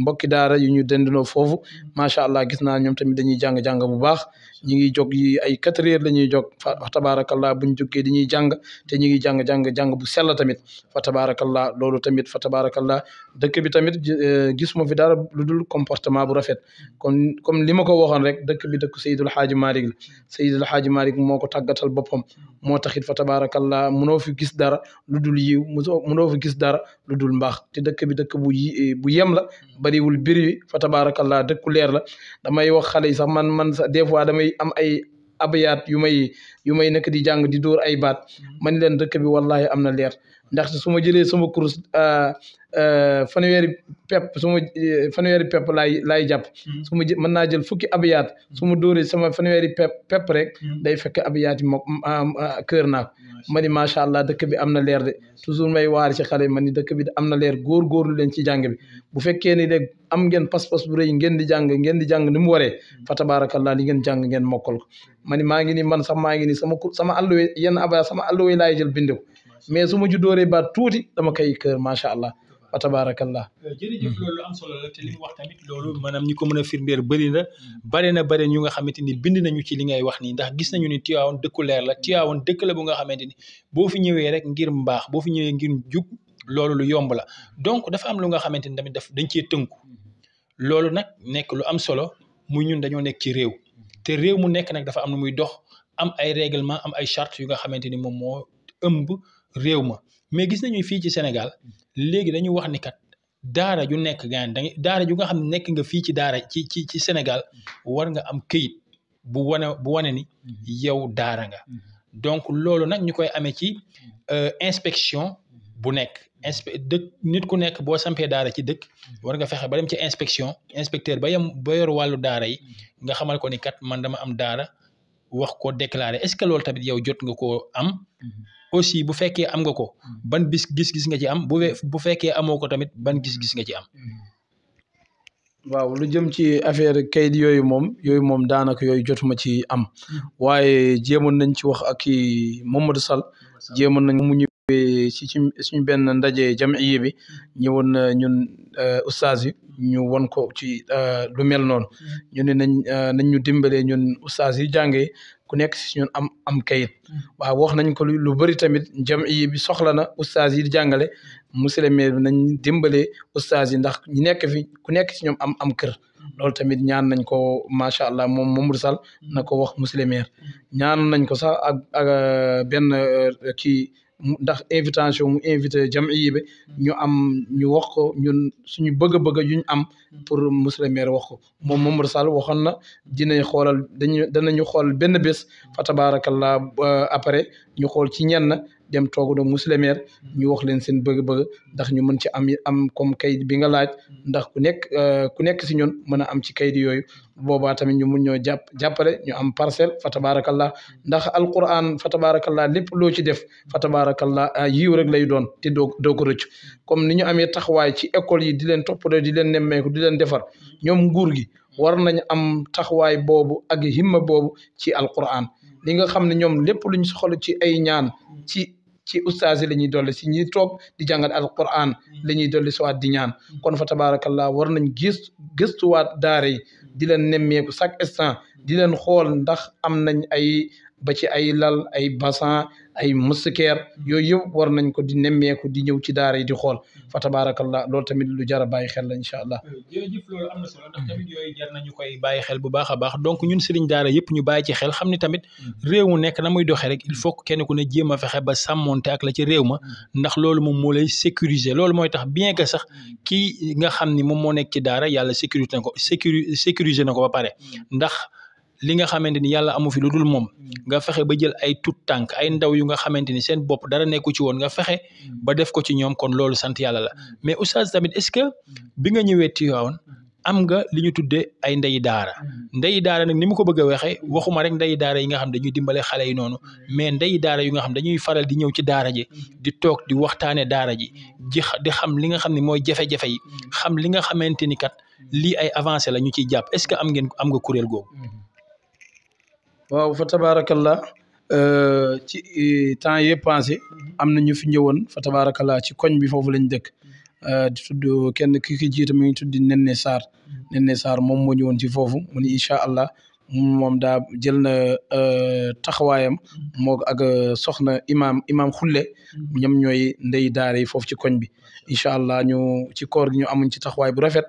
mbokki daara yu ñu dendandoo foofu mm-hmm. macha allah gis naa ñoom tamit dañuy jàng jàng bu baax ñu ngi jog yi ay quatre heures la ñuy jog fa tabaarakallah bu ñu jógee dañuy jàng te ñu ngi jàng jàng jàng bu sell tamit fa tabaarakallah loolu tamit fa tabaarakallah dëkk bi tamit eh, gisuma fi dara lu dul comportement bu rafet comme comme li ma ko waxoon rek dëkk bi dëkk Seydul Xaaji Malick la Seydul Xaaji Malick moo ko tàggatal boppam moo taxit fa tabaarakallah munoo fi gis dara lu dul yiw munoo fi gis dara lu dul mbaax te dëkk bi dëkk bu bu yem la bariwul biri fa tabaarakallaa dëkku leer la damay wax xale yi sax man man sax des fois damay am ay abayaat yu may yu may nekk di jàng di dóor ay baat mm-hmm. ma leen dëkk bi wallahi am na leer ndaxte su ma jëlee sama kurus euh, euh, fanweeri pepp su ma euh, fanweeri pepp laay laay jàpp mm-hmm. su ma mën naa jël fukki abiyaat su ma dóoree sama fanweeri pepp pepp rek mm-hmm. day fekk abiyaat yi ma kër naa ko ma ni macha allah dëkk bi am na leer de toujours may waar ci xale ma ni dëkk bi am na leer góor-góorlu leen ci jàng bi bu fekkee ni léegi am ngeen pas-pas bu rëy ngeen di jàng ngeen di jàng ni mu waree fa tabaarakallah li ngeen jàng ngeen mokkal ni maa sama sama alluwa yenn abaya sama alluwa laay jël bind mais su ma ju dóoree baat tuuti dama koy kër macha allah. wa tabaarakallah euh, jërëjëf la li mu wax tamit loolu maanaam ñi ko mën a firndeel bëri na bëri bëri ñu nga xamante ni bind nañu ci li ngay wax nii ndax gis nañu ni Tiwaawoon dëkku leer la Tiwaawoon dëkk la bu nga xamante ni boo fi ñëwee rek ngir mbaax boo fi ñëwee ngir jug loolu lu yomb la donc dafa am lu nga xamante ni tamit daf dañ cee tënku loolu nag nekk lu am solo muy ñun dañoo nekk ci réew te réew mu nekk nag dafa am lu muy dox am ay réglement am ay charte yu nga xamante ni moom moo ëmb réew ma mais gis nañu fii ci Sénégal léegi dañu wax ni kat daara ju nekk gaan daara ju nga xam ne nekk nga fii ci daara ci ci ci Sénégal war nga am kayit bu wane bu wane ni yow daara nga donc loolu nag ñu koy amee ci euh, inspection bu nekk inspe dëkk nit ku nekk boo sampee daara ci dëkk war nga fexe ba dem ci inspection inspecteur ba yem ba yor wàllu daara yi nga xamal ko ni kat man dama am daara wax ko déclarer est-ce que loolu tamit yow jot nga ko am mhm. aussi bu fekkee am nga ko mhm. ban bis gis-gis nga ci am bu bu fekkee amoo ko tamit ban gis-gis nga ci am mhm. waaw lu jëm ci affaire kayit yooyu moom yooyu moom daanaka yooyu jotuma ci am waaye jéemoon nañ ci wax ak Mamadou Sall jéemoon nañ mu ñëwee ci suñu benn ndaje jam bi ñëwoon na ñun euh, ustaas yi ñu won ko ci euh, lu mel noonu mm-hmm. ñu ne nañ euh, nañ ñu dimbalee ñun ustaas yi jàngee ku nekk si ñun am am kayit mm-hmm. waaw wax nañ ko lu bëri tamit jam yi bi soxla na ustaas yi jàngale mm-hmm. monsieur le maire nañ dimbalee ustaas yi ndax ñu nekk fi ku nekk si ñoom am am kër loolu tamit ñaan nañ ko macha allah moom Mamadou Sall na ko wax monsieur le maire ñaan nañ ko sax ak euh, benn kii ndax invitation mu invité jamiya bi ñu am ñu wax ko ñun suñu bëgg-bëgg yu ñu am pour monsieur le wax ko moom Mamadou Sall waxoon na dinañ xoolal dañu danañu xool benn bés fa tabaarakallah après ñu xool ci ñenn dem toogu doom muslimeer ñu wax leen seen bëgg-bëgg ndax ñu mën ci am am comme kayit bi nga laaj ndax ku nekk euh, ku nekk si ñun mën a am ci kayit yooyu boobaa tamit ñu mun ñoo jàpp jàppale ñu am parcelle fa tabarakallah ndax alquran fa tabarakallah lépp loo ci def fa tabarakallah ah, yiw rek lay doon te doo doo ko rëcc comme ni ñu amee taxawaay ci école yi di leen toppatoo di leen nemmeeku di leen defar ñoom nguur gi war nañ am taxawaay boobu ak himma boobu ci alquran li nga xam ne ñoom lépp luñ soxla ci ay ñaan mm. ci ci ustaas yi la ñuy dolli si ñi toog di jàngal alquran mm. la ñuy dolli siwaat di ñaan mm. kon fa tabaarakallah war nañ gis gëstuwaat daara yi di leen nemmeeku chaque instant di leen xool ndax am nañ ay ba ci ay lal ay bassan ay moustiquaire yooyu yëpp war nañ ko di nemmeeku di ñëw ci daara yi di xool fa tabaarakallah loolu tamit lu jar a bàyyi xel la incha allah yooyu jar koy bàyyi xel bu baax a baax donc ñun sëriñ daara yëpp ñu bàyyi ci xel xam ni tamit réew mu nekk na muy doxee rek il faut que kenn ku ne jéem a fexe ba sàmmonte ak la ci réew ma ndax loolu moom moo lay sécuriser loolu mooy tax bien que sax kii nga xam ni moom moo nekk ci daara yàlla sécurité na ko sécuriser na ko ba pare ndax li nga xamante ni yàlla amu fi lu dul moom nga fexe ba jël ay tut tànk ay ndaw yu nga xamante ni seen bopp dara nekku ci woon nga fexe ba def ko ci ñoom kon loolu sant yàlla la mais u oustaz tamit est-ce que bi nga ñëwee Tiwaawan am nga li ñu tuddee ay ndeyi daara ndeyi daara nag ni mu ko bëgg a waxee waxuma rek ndeyi daara yi nga xam dañuy dimbale xale yi noonu mais ndeyi daara yu nga xam dañuy faral di ñëw ci daara ji di toog di waxtaane daara ji di xam li nga xam ne mooy jafe yi xam li nga xamante ni kat lii ay avancé la ciy jàpp est-ce que am ngeen am nga kuréel googu waaw fa tabaarakallah euh, ci euh, temps yëpp passé am na ñu fi ñëwoon fa tabaarakallah ci koñ bi foofu lañu dëkk euh, di tudd kenn ki ki jiite mi ngi tudd Nenne Sarr moom moo ñëwoon ci foofu mu ni incha allah moom daa jël na taxawaayam moo ak soxna imaam imaam xulle ñoom ñooy ndey daara yi foofu ci koñ bi incha allah ñu ci koor gi ñu amuñ ci taxawaay bu rafet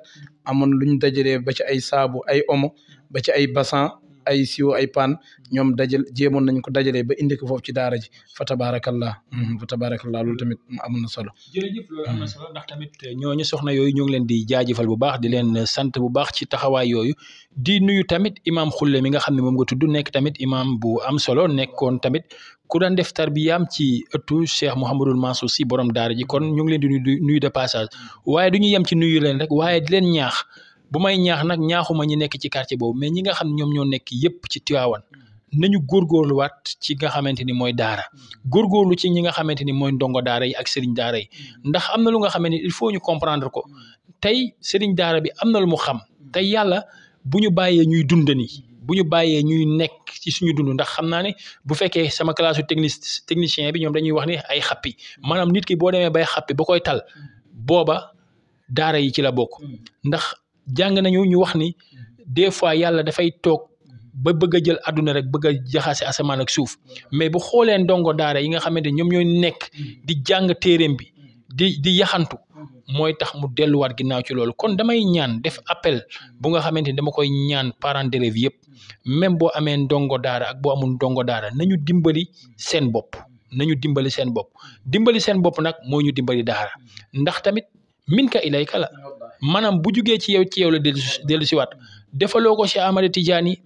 amoon lu ñu dajalee ba ci ay saabu ay omo ba ci ay bassan ay siwo ay paan ñoom dajal jéemoon nañ ko dajalee ba indi ko foofu ci daara ji fa tabaarakallah mhm, fa tabaarakallah loolu tamit am na solo jërëjëf loolu am na mhm. solo ndax tamit ñooñu soxna yooyu ñu ngi leen di jaajëfal bu baax di leen sant bu baax ci taxawaay yooyu di nuyu tamit imaam xulle mi nga xam ne moom nga tudd nekk tamit imaam bu am solo nekkoon tamit ku daan def tarbiyaam ci ëttu Cheikh Mouhamadul Mansour Sy borom daara ji kon ñu ngi leen di nuyu de passage mhm. waaye du ñu yem ci nuyu leen rek waaye di leen bu may ñaax nag ñaaxuma ñi nekk ci quartier boobu mais ñi nga xam ñoom ñoo nekk yépp ci Tivaouane nañu góor góorluwaat ci nga xamante ni mooy daara góorgóorlu ci ñi nga xamante ni mooy ndongo daara yi ak sëriñ daara yi ndax am na lu nga xamante ni il faut ñu comprendre ko tey sëriñ daara bi am na lu mu xam tey yàlla bu ñu bàyyee ñuy dund ni bu ñu bàyyee ñuy nekk ci suñu dund ndax xam naa ne bu fekkee sama classe technic technicien bi ñoom dañuy wax ni ay xappi maanaam nit ki boo demee bay xappi boo koy tal booba daara yi ci la bokk jàng nañu ñu wax ni mm-hmm. des fois yàlla dafay toog mm-hmm. ba bëgg jël àdduna rek bëgg a jaxase asamaan ak suuf mais bu xoolee ndongo daara yi nga xamante ñoom ñooy nekk mm-hmm. di jàng téereem bi di di yaxantu mooy tax mu delluwaat ginnaaw ci loolu kon damay ñaan def appel bu nga xamante ni dama koy ñaan parents d'élèves yëpp même boo amee ndongo daara ak boo amul ndongo daara nañu dimbali seen bopp nañu dimbali seen bopp dimbali seen bopp nag moo ñu dimbali daara ndax tamit min maanaam bu jugee ci yow ci yow la dellu dellu siwaat defaloo ko Cheikh Ahmada Tidiane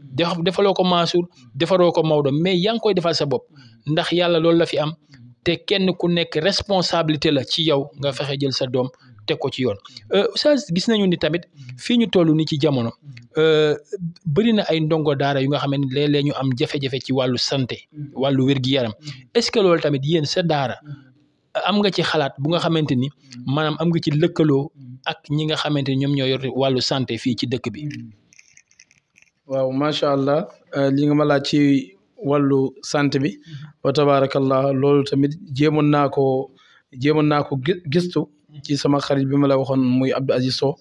defaloo ko Mansour defaroo ko Maodo mais yaa ngi koy defal sa bopp ndax yàlla loolu la fi am te kenn ku nekk responsabilité la ci yow nga fexe jël sa doom teg ko ci yoon euh, sa gis nañu ni tamit fii ñu toll nii ci jamono euh, bëri na ay ndongo daara yu nga xam ne le léeg ñu am jafe-jafe ci wàllu sante wàllu wér-gi-yaram est-ce que loolu tamit yéen sa daara am nga ci xalaat bu nga xamante ni mm. maanaam am nga ci lëkkaloo mm. ak ñi nga xamante ni ñoom ñoo yor wàllu santé fii ci dëkk bi. Mm. waaw macha allah euh, li nga ma laaj ci wàllu santé bi mm-hmm. wa tabaarakallah loolu tamit jéemoon naa ko jéemoon naa ko gistu ci sama xarit bi ma la waxoon muy Abdou Aziz Sow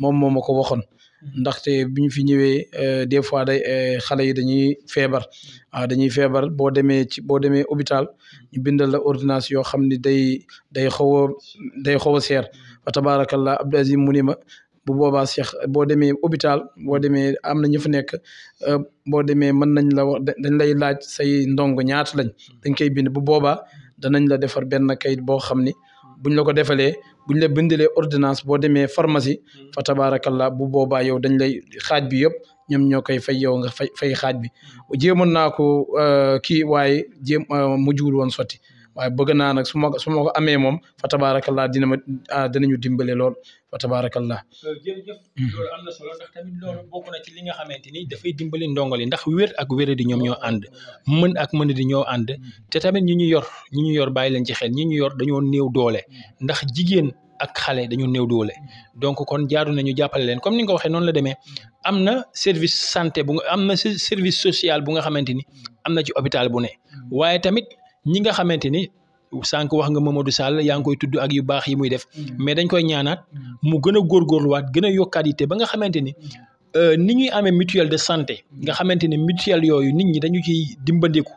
moom moo ma ko waxoon. Mm-hmm. ndaxte bi ñu fi ñëwee euh, des fois day euh, xale yi dañuy feebar mm-hmm. ah dañuy feebar boo demee ci boo demee hôpital mm-hmm. ñu bindal la ordonnance yoo xam ne day day xaw a day xaw a seer fa tabaarakallah Abdou Azim mu ni ma bu boobaa Cheikh boo demee hôpital boo demee am na ñu fa nekk euh, boo demee mën nañ la wax dañ lay laaj say ndongo ñaata lañ dañ koy bind bu boobaa danañ la defar benn kayit boo xam ni buñ la ko defalee bu ñu la bindalee ordonnance boo demee pharmacie hmm. fa tabaarakallah bu boobaa yow dañ lay xaaj bi yëpp ñoom ñoo koy fay yow nga fay fay xaaj bi hmm. jéemoon naa ko euh, kii waaye jéem euh, mu juul woon sotti waaye bëgg naa nag su ma su ko amee moom fa tabaarakallah dina ma ah, dinañu dimbale lool fa tabaarakallah. Euh, am na solo ndax tamit loolu bokk na nga xamante ni dafay dimbali ndongali ndax wér ak wére di ñoom ñoo ànd mën ak mën di ñoo ànd te tamit ñi ñu yor ñi ñu yor bàyyi leen ci xel ñi ñu yor dañoo néew doole ndax jigéen. ak xale dañu néew doole donc kon jaaru nañu jàppale leen comme ni nga ko waxee noonu la demee am na service santé bu am na service social bu nga xamante ni am na ci hôpital bu ne waaye tamit ñi nga xamante ni sànq wax nga Mamadou Sall yaa ngi koy tudd ak yu baax yi muy def mm. mais dañ koy ñaanaat mu gën a góorgóorluwaat gën a yokkaat ba nga xamante ni mm. euh, ni ñuy amee mutuelle de santé mm. nga xamante ni mutuelle yooyu nit ñi dañu ciy dimbandiku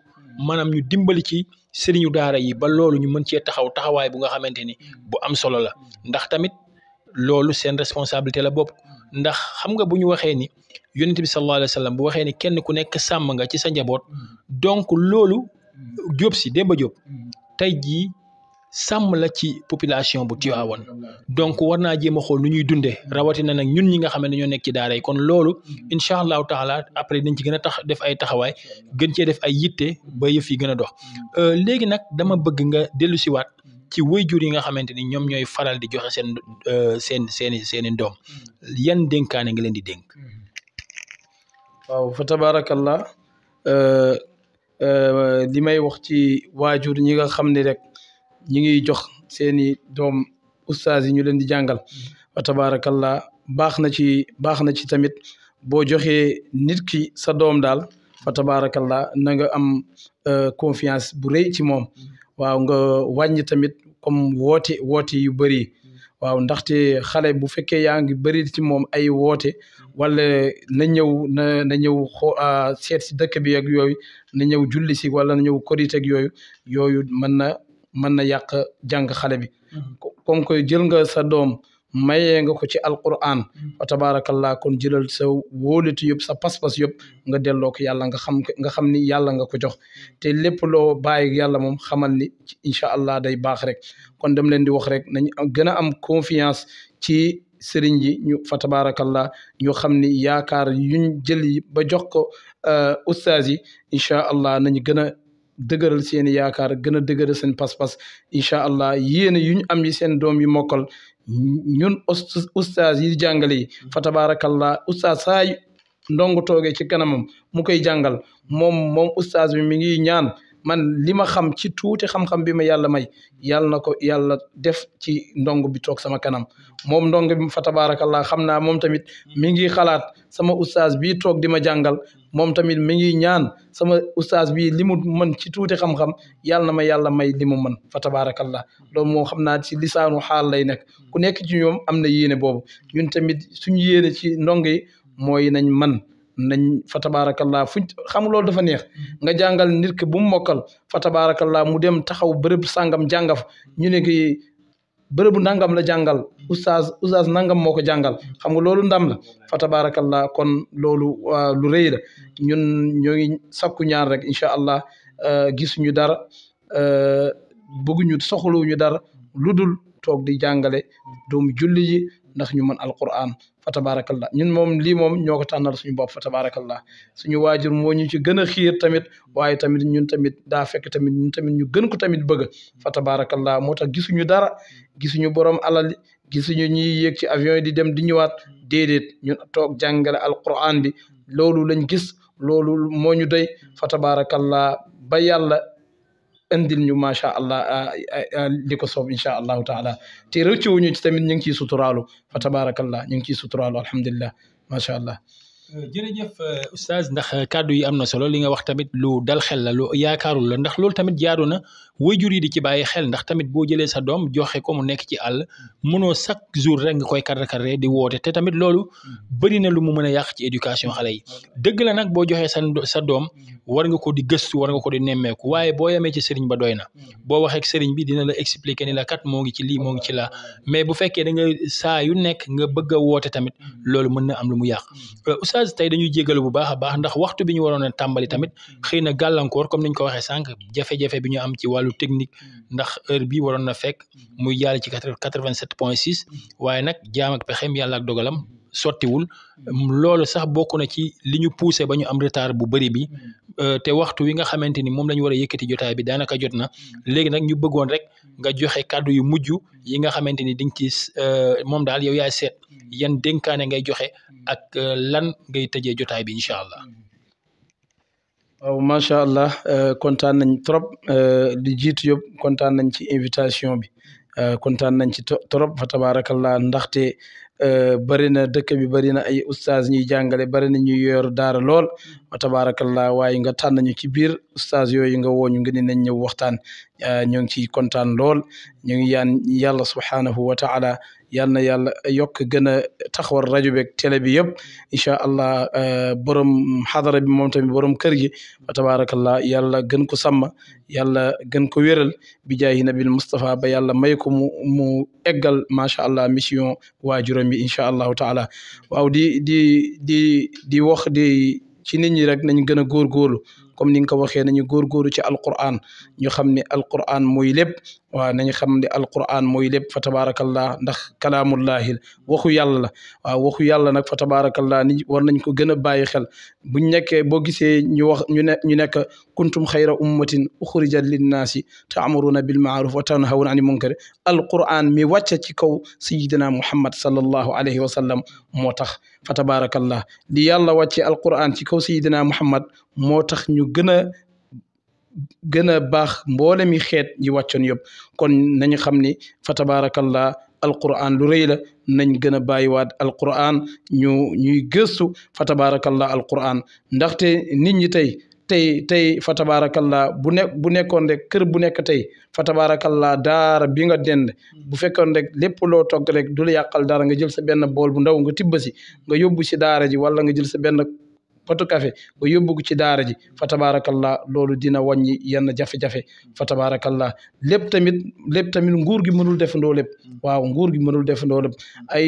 maanaam ñu dimbali ci sëriñu daara yi ba loolu ñu mën cee taxaw taxawaay bu nga xamante ni bu am solo la ndax tamit loolu seen responsabilité la bopp ndax xam nga bu ñu waxee ni yonent bi sallallahu alayhi wa sallam waxee ni kenn ku nekk sàmm nga ci sa njaboot donc loolu Mm. Diop si Demba Diop mm. tey jii sàmm la ci population bu Tivaouane mm. donc war naa jéem a xool nu ñuy dundee rawatina nag ñun ñi nga xam ñoo dañoo nekk ci daara kon loolu incha allahu taala après dañ ci gën a tax def ay taxawaay gën cee def ay yitte ba yëf yi gën a dox euh, léegi nag dama bëgg nga dellu siwaat ci waajur yi nga xamante ni ñoom ñooy faral di joxe seen euh, seen seen seen i doom yan dénkaane nga leen di dénk. waaw fa tabarakallah euh, Euh, li may wax ci waajur ñi nga xam ne rek ñi ngi jox seeni doom ustaas yi ñu leen di jàngal mm-hmm. wa tabaarakallah baax na ci baax na ci tamit boo joxee nit ki sa doom daal fa tabaarakallah na nga am euh, confiance bu rëy ci moom mm-hmm. waaw nga wàññi tamit comme woote woote yu bëri waaw ndaxte xale bu fekkee yaa ngi bëri ci moom ay woote wala na ñëw na na ñëw xoo ah, seet si dëkk bi ak yooyu na ñëw julli si wala na ñëw korite ak yooyu yooyu mën na mën na yàq jàng xale bi mm-hmm. comme jël nga sa doom maye nga ko ci alquran mm. fa tabarakallah kon jëlal sa wóolite yëpp sa pas-pas yëpp nga delloo ko yàlla nga xam nga xam ni yàlla nga ko jox mm. te lépp loo bàyyi yàlla moom xamal ni incha allah day baax rek kon dem leen di wax rek nañ gën a am confiance ci sëriñ ji ñu fa tabarakallah ñu xam ni yaakaar yuñ jël ba jox ko euh, ustaas yi incha allah nañ gën a dëgëral seen i yaakaar gën a dëgëral seen pas-pas incha allah yéen yu ñu am yi seen doom yi mokkal ñun ustaas yi jàngale yi fa tabaarakallah ustaas saa ndongo toogee ci kanamam mu koy jàngal moom moom ustaas bi mi ngi ñaan man li ma xam ci tuuti xam-xam bi ma yàlla may yàlla na ko yàlla def ci ndong bi toog sama kanam moom ndong bi fa tabaarakallaa xam naa moom tamit mi ngi xalaat sama ustaas bii toog di ma jàngal moom tamit mi ngi ñaan sama ustaas bii li mu mën ci tuuti xam-xam yàlla na ma yàlla may li mu mën fa tabaarakallaa loolu moo xam naa ci lisaanu xaal lay nekk ku nekk ci ñoom am na yéene boobu ñun tamit suñu yéene ci ndong yi mooy nañ man nañ fa tabaarakallaa fu xam loolu dafa neex mm-hmm. nga jàngal nit ki bu mu mokkal fa tabaarakallaa mu dem taxaw bërëb sàngam jàngaf ñu ne ki bërëbu nangam la jàngal mm-hmm. oustaz oustaz nangam moo ko jàngal mm-hmm. xam nga loolu ndam la fa tabaarakallaa kon loolu lu rëy la ñun ñoo ngi sakku ñaar rek incha allah euh, gisuñu dara euh, bëgguñu soxluwuñu dara lu dul toog di jàngale doomu julli yi ndax ñu mën alquran fa tabarakallah ñun moom lii moom ñoo ko tànnal suñu bopp fa tabarakallah suñu waajur moo ñu ci gën a xiir tamit waaye tamit ñun tamit daa fekk tamit tamit ñu gën ko tamit bëgg fa tabarakallah moo ta gisuñu dara gisuñu borom alal gisuñu ñi yéeg ci avion yi di dem di ñëwaat déedéet ñun toog jàngale alquran bi loolu lañ gis loolu moo ñu doy fa tabarakallah ba yàlla indil ñu macha allah li ko soob incha allahu taala te rëcc wuñu ci tamit ñu ngi ciy suturaalu fa tabaarakallah ñu ngi ciy suturaalu alhamdulillah macha allah. Euh, jërëjëf euh, oustaz ndax euh, kàddu yi am na solo li nga wax tamit lu dal xel la lu yaakaarul la ndax loolu tamit jaadu na jur yi di ci bàyyi xel ndax tamit boo jëlee sa doom joxe ko mu nekk ci àll mënoo chaque jour rek nga koy karre-karre di woote te tamit loolu mm. bëri na lu mu mën a yàq ci éducation xale yi mm. war nga ko di gëstu war ko di nemmeeku waaye boo yemee ci sëriñ ba doy na hmm. boo waxee ak sëriñ bi dina la expliquer ni la kat moo ngi ci li moo ngi ci la mais bu fekkee da nga saa yu nekk nga bëgg a woote tamit hmm. loolu mën na am lu mu yàq hmm. euh, oustaz tey dañuy jégal bu baax a baax ndax waxtu bi ñu waroon a tàmbali tamit xëy na gàllankoor comme niñ ko waxee sànq jafe-jafe bi ñu am ci wàllu technique ndax heure bi waroon na fekk muy jàll ci quatre-vingt-sept point six waaye nag jaam pexeem yàlla dogalam sottiwul loolo sax bokk na ci li ñu poussé ba ñu am retard bu bëri bi euh, te waxtu wi nga xamante ni moom la ñu war a yëkkati jotaay bi daanaka jot na léegi nag ñu bëggoon rek nga joxe kàddu yu mujj yi nga xamante ni diñ ci euh, moom daal yow yaay seet yan dénkaane ngay joxe ak euh, lan ngay tëjee jotaay bi incha allah. waaw macha allah kontaan nañ trop di jiitu yëpp kontaan nañ ci invitation bi kontaan ci trop fa tabaarakallah ndaxte. Eh, bëri na dëkk bi bëri na ay oustaz ñuy jàngale bëri na ñuy yor daara lool wa tabaarakallah waaye nga tànn ñu ci biir oustaz yooyu nga wooñu nga ne nañ ñëw waxtaan Eh, ñoo ngi ciy kontaan lool ñu yan yaan yàlla subhaanahu wa taala yal na yàlla yokk gën a taxawal rajo beeg télé bi yëpp incha allah eh, borom xadara bi moom tamit borom kër gi wa tabaarakallah yàlla gën ko sàmm yàlla gën ko wéral bi na nabil Mustapha ba yàlla may ko mu mu eggal macha allah mission waajuram bi incha allah taala waaw di di di di wax di ci nit ñi rek nañ gën a góorgóorlu comme ni nga ko waxee nañu góorgóoru ci alquran ñu xam ne alquran mooy lépp waaw nañu xam ne alquran mooy lépp fa tabaarakallah ndax kalaamullahi waxu yàlla la waaw waxu yàlla nag fa tabaarakallah ni war nañ ko gën a bàyyi xel buñ nekkee boo gisee ñu wax ñu ne ñu nekk kuntum xayra ummatin uxrijat linnaasi taamuruuna bilmaaruf wa tanhawna ani munkar alquran mi wàcce ci kaw sayidina muhammad sallallahu alayhi wa sallam moo tax fa tabaarakallah li yàlla wàcce alquran ci kaw sayidina muhammad moo tax ñu gën a gën a baax mboole mi xeet yi wàccoon yëpp kon nañu xam ni fa tabaarakallah alquran lu rëy la nañ gën a bàyyiwaat alquran ñu ñuy gëstu fa tabaarakallah alquran ndaxte nit ñi tey tey tey fa tabaarakallaa bu ne bu nekkoon rek kër bu nekk tey fa tabaarakallaa daara bi nga dend bu fekkoon rek lépp loo togg rek du la yàqal dara nga jël sa benn bool bu ndaw nga tibb si nga yóbbu si daara ji wala nga jël sa benn potu café ba yóbbu ci daara ji fa tabaarakallah loolu dina waññi yenn jafe-jafe fa tabaarakallah lépp tamit lépp tamit nguur gi mënul defandoo lépp waaw nguur gi mënul defandoo lépp ay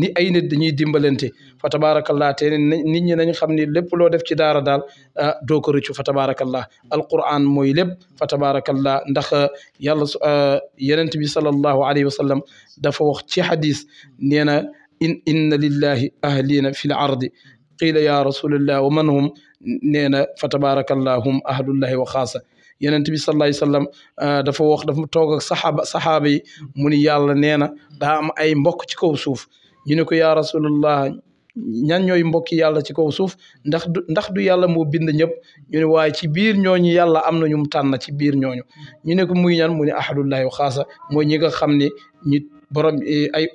ni ay nit dañuy dimbalante fa tabaarakallah te nit ñi nañ xam ni lépp loo def ci daara daal ah, doo ko rëccu fa tabaarakallah alquran mooy lépp fa tabaarakallah ndax ah, yàlla ah, yenent bi sallallahu alayhi wa dafa wax ci hadis nee na in inna lillahi ahlina fi l ardi qiila ya rasulillah wa man hum nee na fa tabaarakallah hum ahadullahi wa xaasa yenent bi sallallahu alayhi wasallam ah, dafa wax dafa toog ak saxaaba saxaaba yi mu ni yàlla nee na daa ay mbokk ci kaw suuf ñu ne ko ya rasulullah ñan ñooy mbokki yàlla ci kaw suuf ndax du ndax du yàlla moo bind ñëpp ñu ne waaye ci biir ñooñu yàlla am na ñu mu tànn ci biir ñooñu ñu ne ko muy ñan mu ne ahadullahi wa xaasa mooy ñi xam ne ñu borom eh,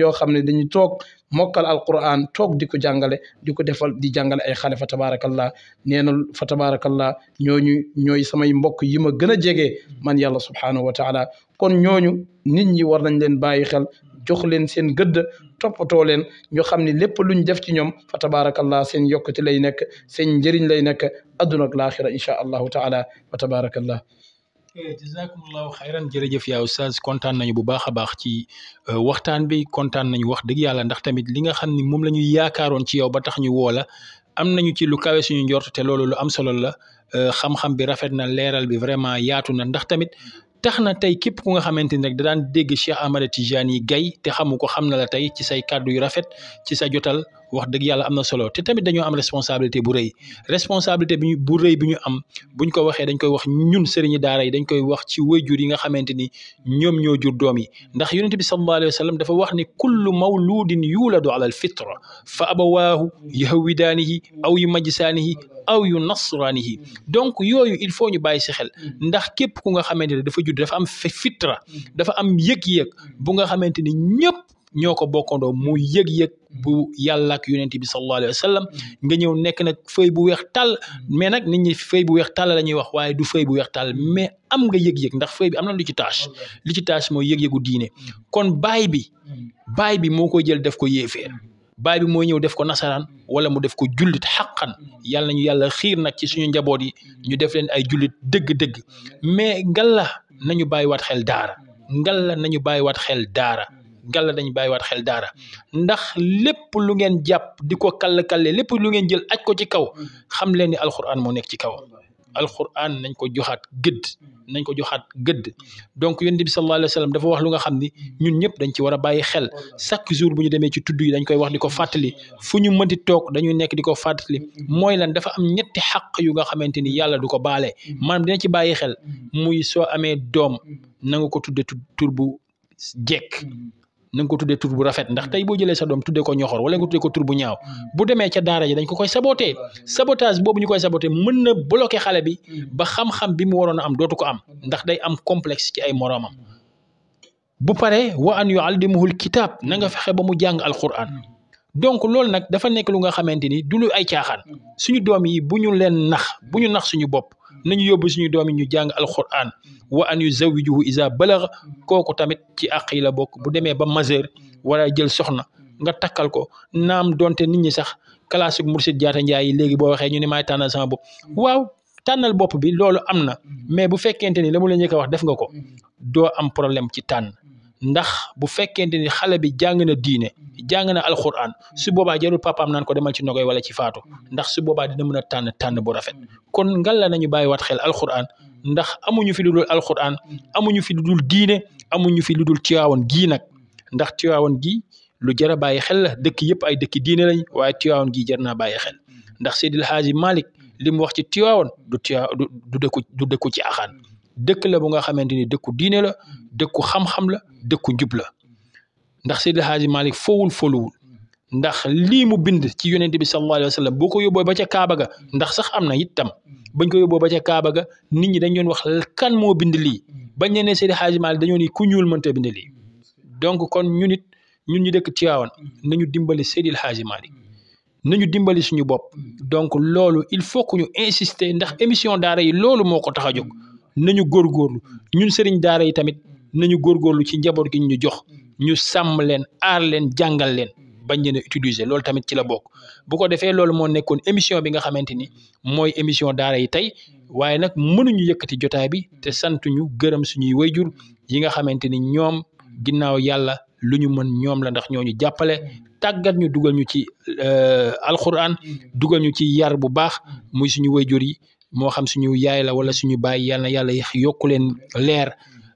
yoo xam ne dañu toog mokkal alquran toog di ko jàngale di ko defal di jàngale ay xale fa tabaarakallah nee na fa tabaarakallah ñooñu ñooy samay mbokk yi ma gën a jege man yàlla subhaanahu wa taala kon ñooñu nit ñi war nañ leen bàyyi xel jox leen seen gëdd toppatoo leen ñu xam ne lépp luñ def ci ñoom fa tabaarakallah seen yokkute lay nekk seen njëriñ lay nekk adduna ak laaxira incha allahu taala fa tabaarakallah Eh, jazakumullahu xayran jërëjëf yaa oustaz kontaan nañu bu baax a baax ci eh, waxtaan bi kontaan nañu wax dëgg yàlla ndax tamit li nga xam ni moom la ñuy yaakaaroon ci yow ba tax ñu woola am nañu ci lu kawe suñu njort te loolu lu am solo la eh, xam-xam bi rafet na leeral bi vraiment yaatu na ndax tamit tax na tey képp ku nga xamante ni rek da daan dégg Cheikh Ahmada yi Gaye te xamu ko xam na la tey ci say kàddu yu rafet ci sa jotal. wax dëgg yàlla am na solo te tamit dañoo am responsabilité bu rëy responsabilité bi bu rëy bi ñu am ñu ko waxee dañ koy wax ñun sëriñi daara yi dañ koy wax ci wayjur yi nga xamante ni ñoom ñoo jur doom yi ndax yonent bi sallallahu alayhi wa sallam dafa wax ni kullu mawludin yuuladu ala al fitra fa abawaahu yahwidaanihi aw yu majjisaanihi aw yu nasraanihi donc yooyu il faut ñu bàyyi si xel ndax képp ku nga xamante ni dafa jur dafa am fitra dafa am yëg-yëg bu nga xamante ni ñëpp ñoo ko bokkandoo mu yëg-yëg bu yàlla ak yonent bi sallallahu alayhi wa sallam mm. nga ñëw nekk nag fëy bu weex tàll mm. mais nag nit ñi fëy bu weex tàll la ñuy wax waaye du fëy bu weex tàll mais am nga yëg-yëg ndax fëy bi am na lu ci tâche li ci mooy yëg-yëgu diine mm. kon baay bi baay bi moo koy jël def ko yéeféer baay bi mooy ñëw def ko nasaraan wala mu def ko julit xaqan yàlla nañu yàlla xiir nag ci suñu njaboot yi ñu def leen ay jullit dëgg-dëgg mais ngalla nañu waat xel daara ñu nañu waat xel daara gàlla dañ waat xel daara mm. ndax lépp lu ngeen jàpp di ko kall-kalle lépp lu ngeen jël aj ko ci kaw mm. xam leen ni alxuraan moo nekk ci kaw alxuraan nañ ko joxaat gëdd mm. nañ ko joxaat gëdd donc yonent bi sallallahu alayhi wa dafa wax lu nga xam ni ñun ñëpp dañ ci war a bàyyi xel chaque jour bu ñu demee ci tudd yi dañ koy wax di ko fàttali fu ñu mënti toog dañuy nekk di ko fàttali mooy lan dafa am ñetti xaq yu nga xamante ni yàlla du ko baale maanaam dina ci bàyyi xel muy soo amee doom na nga ko tudde tur bu jekk na ko tuddee tur bu rafet ndax tey boo jëlee sa doom tuddee ko ñoxor wala nga tuddee ko tur bu ñaaw mm. bu demee ca daara ji dañ ko koy saboté sabotage boobu ñu koy saboté mën na bloqué xale bi mm. ba xam-xam bi mu waroon am dootu ko am ndax day am complexe ci ay moroomam bu paree wa an yuallimuhul kitaab na nga fexe ba mu jàng al alquran mm. donc loolu nag dafa nekk lu nga xamante ni du lu ay caaxaan suñu doom yi bu ñu leen nax bu ñu nax suñu bopp nañu yóbbu suñu doom yi ñu jàng alquran wa an yu zawijuhu isa balagha kooku tamit ci àq yi la bokk bu demee ba majeur war a jël soxna nga takkal ko naam donte nit ñi sax classe Mourchid Diatta Ndiaye yi léegi boo waxee ñu ne maay tànnal sama bopp waaw tànnal bopp bi loolu am na mm-hmm. mais bu fekkente ni la mu la njëkk a wax def nga ko mm-hmm. doo am problème ci tànn ndax bu fekkente ni xale bi jàng na diine jàng na alxuraan su boobaa jarul papaam naan ko demal ci nogoy wala ci faatu ndax su boobaa dina mën a tànn tànn bu rafet kon ngal la nañu bàyyiwaat xel alxuraan ndax amuñu fi lu dul alxuraan amuñu fi lu dul diine amuñu fi lu dul Tiwaawan gii nag ndax Tiwaawan gi lu jar a bàyyi xel la dëkk yëpp ay dëkk diine lañ waaye Tiwaawan gi jar naa bàyyi xel ndax Seydil Haaji Malick li mu wax ci Tiwaawan du Tiwa du dëkku du dëkku ci axaan dëkk la bu nga xamante ni dëkku diine la dëkku xam-xam la dëkku njub la ndax Seydi Haaji Malick fowul foluwul ndax lii mu bind ci yonent bi sallallahu alayhi wa sallam boo ko yóbboo ba ca Kaaba ga ndax sax am na itam bañ ko yóbboo ba ca Kaaba ga nit ñi dañ doon wax kan moo bind lii bañ ne ne Seydi Haaji Malick dañoo ni ku ñuul mënta bind lii donc kon ñun it ñun ñu dëkk Tiwaawan nañu dimbali Seydi Haaji Malick nañu dimbali suñu bopp donc loolu il faut que ñu insister ndax émission daara yi loolu moo ko tax a jóg nañu góor góorlu ñun sëriñ daara yi tamit nañu góor góorgóorlu ci njaboot gi ñu jox ñu sàmm leen aar leen jàngal leen bañ leen utiliser loolu tamit ci la bokk bu ko defee loolu moo nekkoon émission bi nga xamante ni mooy émission daara yi tey waaye nag mënuñu yëkkati jotaay bi te santuñu gërëm suñuy wayjur yi nga xamante ni ñoom ginnaaw yàlla lu ñu mën ñoom la ndax ñooñu jàppale tàggat ñu dugal ñu ci euh, alxuraan dugal ñu ci yar bu baax muy suñu wayjur yi moo xam suñu yaay la wala suñu baay yàlla na yàlla yokku leen leer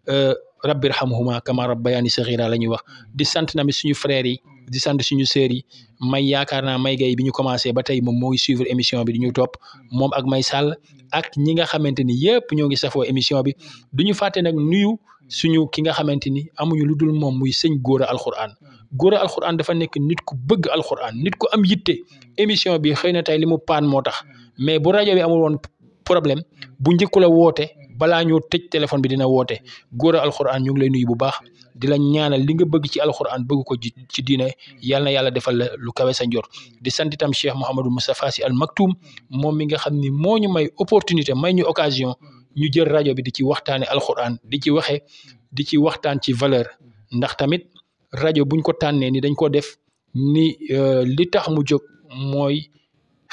euh, rabbi irhamhuma kama rabbayani saghira la ñuy wax di sant na mi suñu frères yi di sant suñu sœurs yi may yaakaar naa may gay bi ñu commencé ba tey moom mooy suivre émission bi di topp moom ak may sàll ak ñi nga xamante ni yëpp ñoo ngi safoo émission bi du ñu fàtte nag nuyu suñu ki nga xamante ni amuñu lu dul moom muy sëñ góor a alxuraan góor a alxuraan dafa nekk nit ku bëgg alxuraan nit ku am yitte émission bi xëy na tey li mu paan moo tax mais bu rajo bi amul woon problème bu njëkku la woote balaa ñoo tëj téléphone bi dina woote góor a alxuraan ñu ngi lay nuyu bu baax di la ñaanal li nga bëgg ci alxuraan bëgg ko ji ci diine yal na yàlla defal lu kawe sa njort di sant itam Cheikh Mouhamadou Moustapha Sy Al Maktoum moom mi nga xam ni moo ñu may opportunité may ñu occasion ñu jël rajo bi di ci waxtaane alxuraan di ci waxe di ci waxtaan ci valeur ndax tamit rajo buñ ko tànnee ni dañ ko def ni euh, li tax mu jóg mooy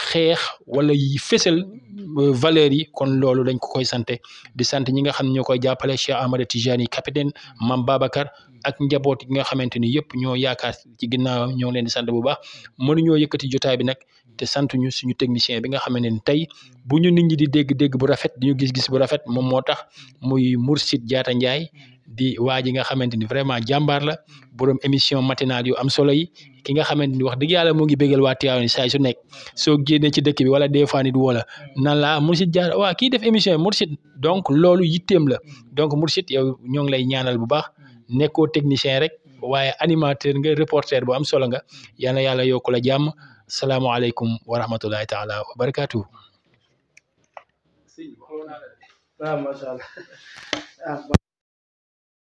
xeex wala yi fësal euh, valeurs yi kon loolu dañ ko koy sante di sant ñi nga xam ne ñoo koy jàppale Cheikh Ahmada yi capitaine Mam Babacar ak njaboot gi nga xamante ni yëpp ñoo yaakaar ci ginnaawam ñoo leen di sante bu baax mënuñoo yëkkati jotaay bi nag te sant ñu suñu technicien bi nga xamante ni tey bu ñu nit ñi di dégg-dégg bu rafet di ñu gis-gis bu rafet moom moo tax muy Mourchid jaata Ndiaye di waa ji nga xamante ni vraiment jàmbaar la borom émission matinale yu am solo yi ki nga xamante ni wax dëgg yàlla mu ngi bégal waa Tivaouane saay su nekk soo génnee ci dëkk bi wala des fois nit wala nan laa ah, Mourchid Diar waa kii def émission yi donc loolu yitteem la donc Mourchid yow ñoo ngi lay ñaanal bu baax nekkoo technicien rek waaye animateur nga reporter bu am solo nga yal na yàlla yokku la jàmm salaamaaleykum wa rahmatullahi taala wa barakaatu.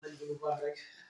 dañ ko bu baax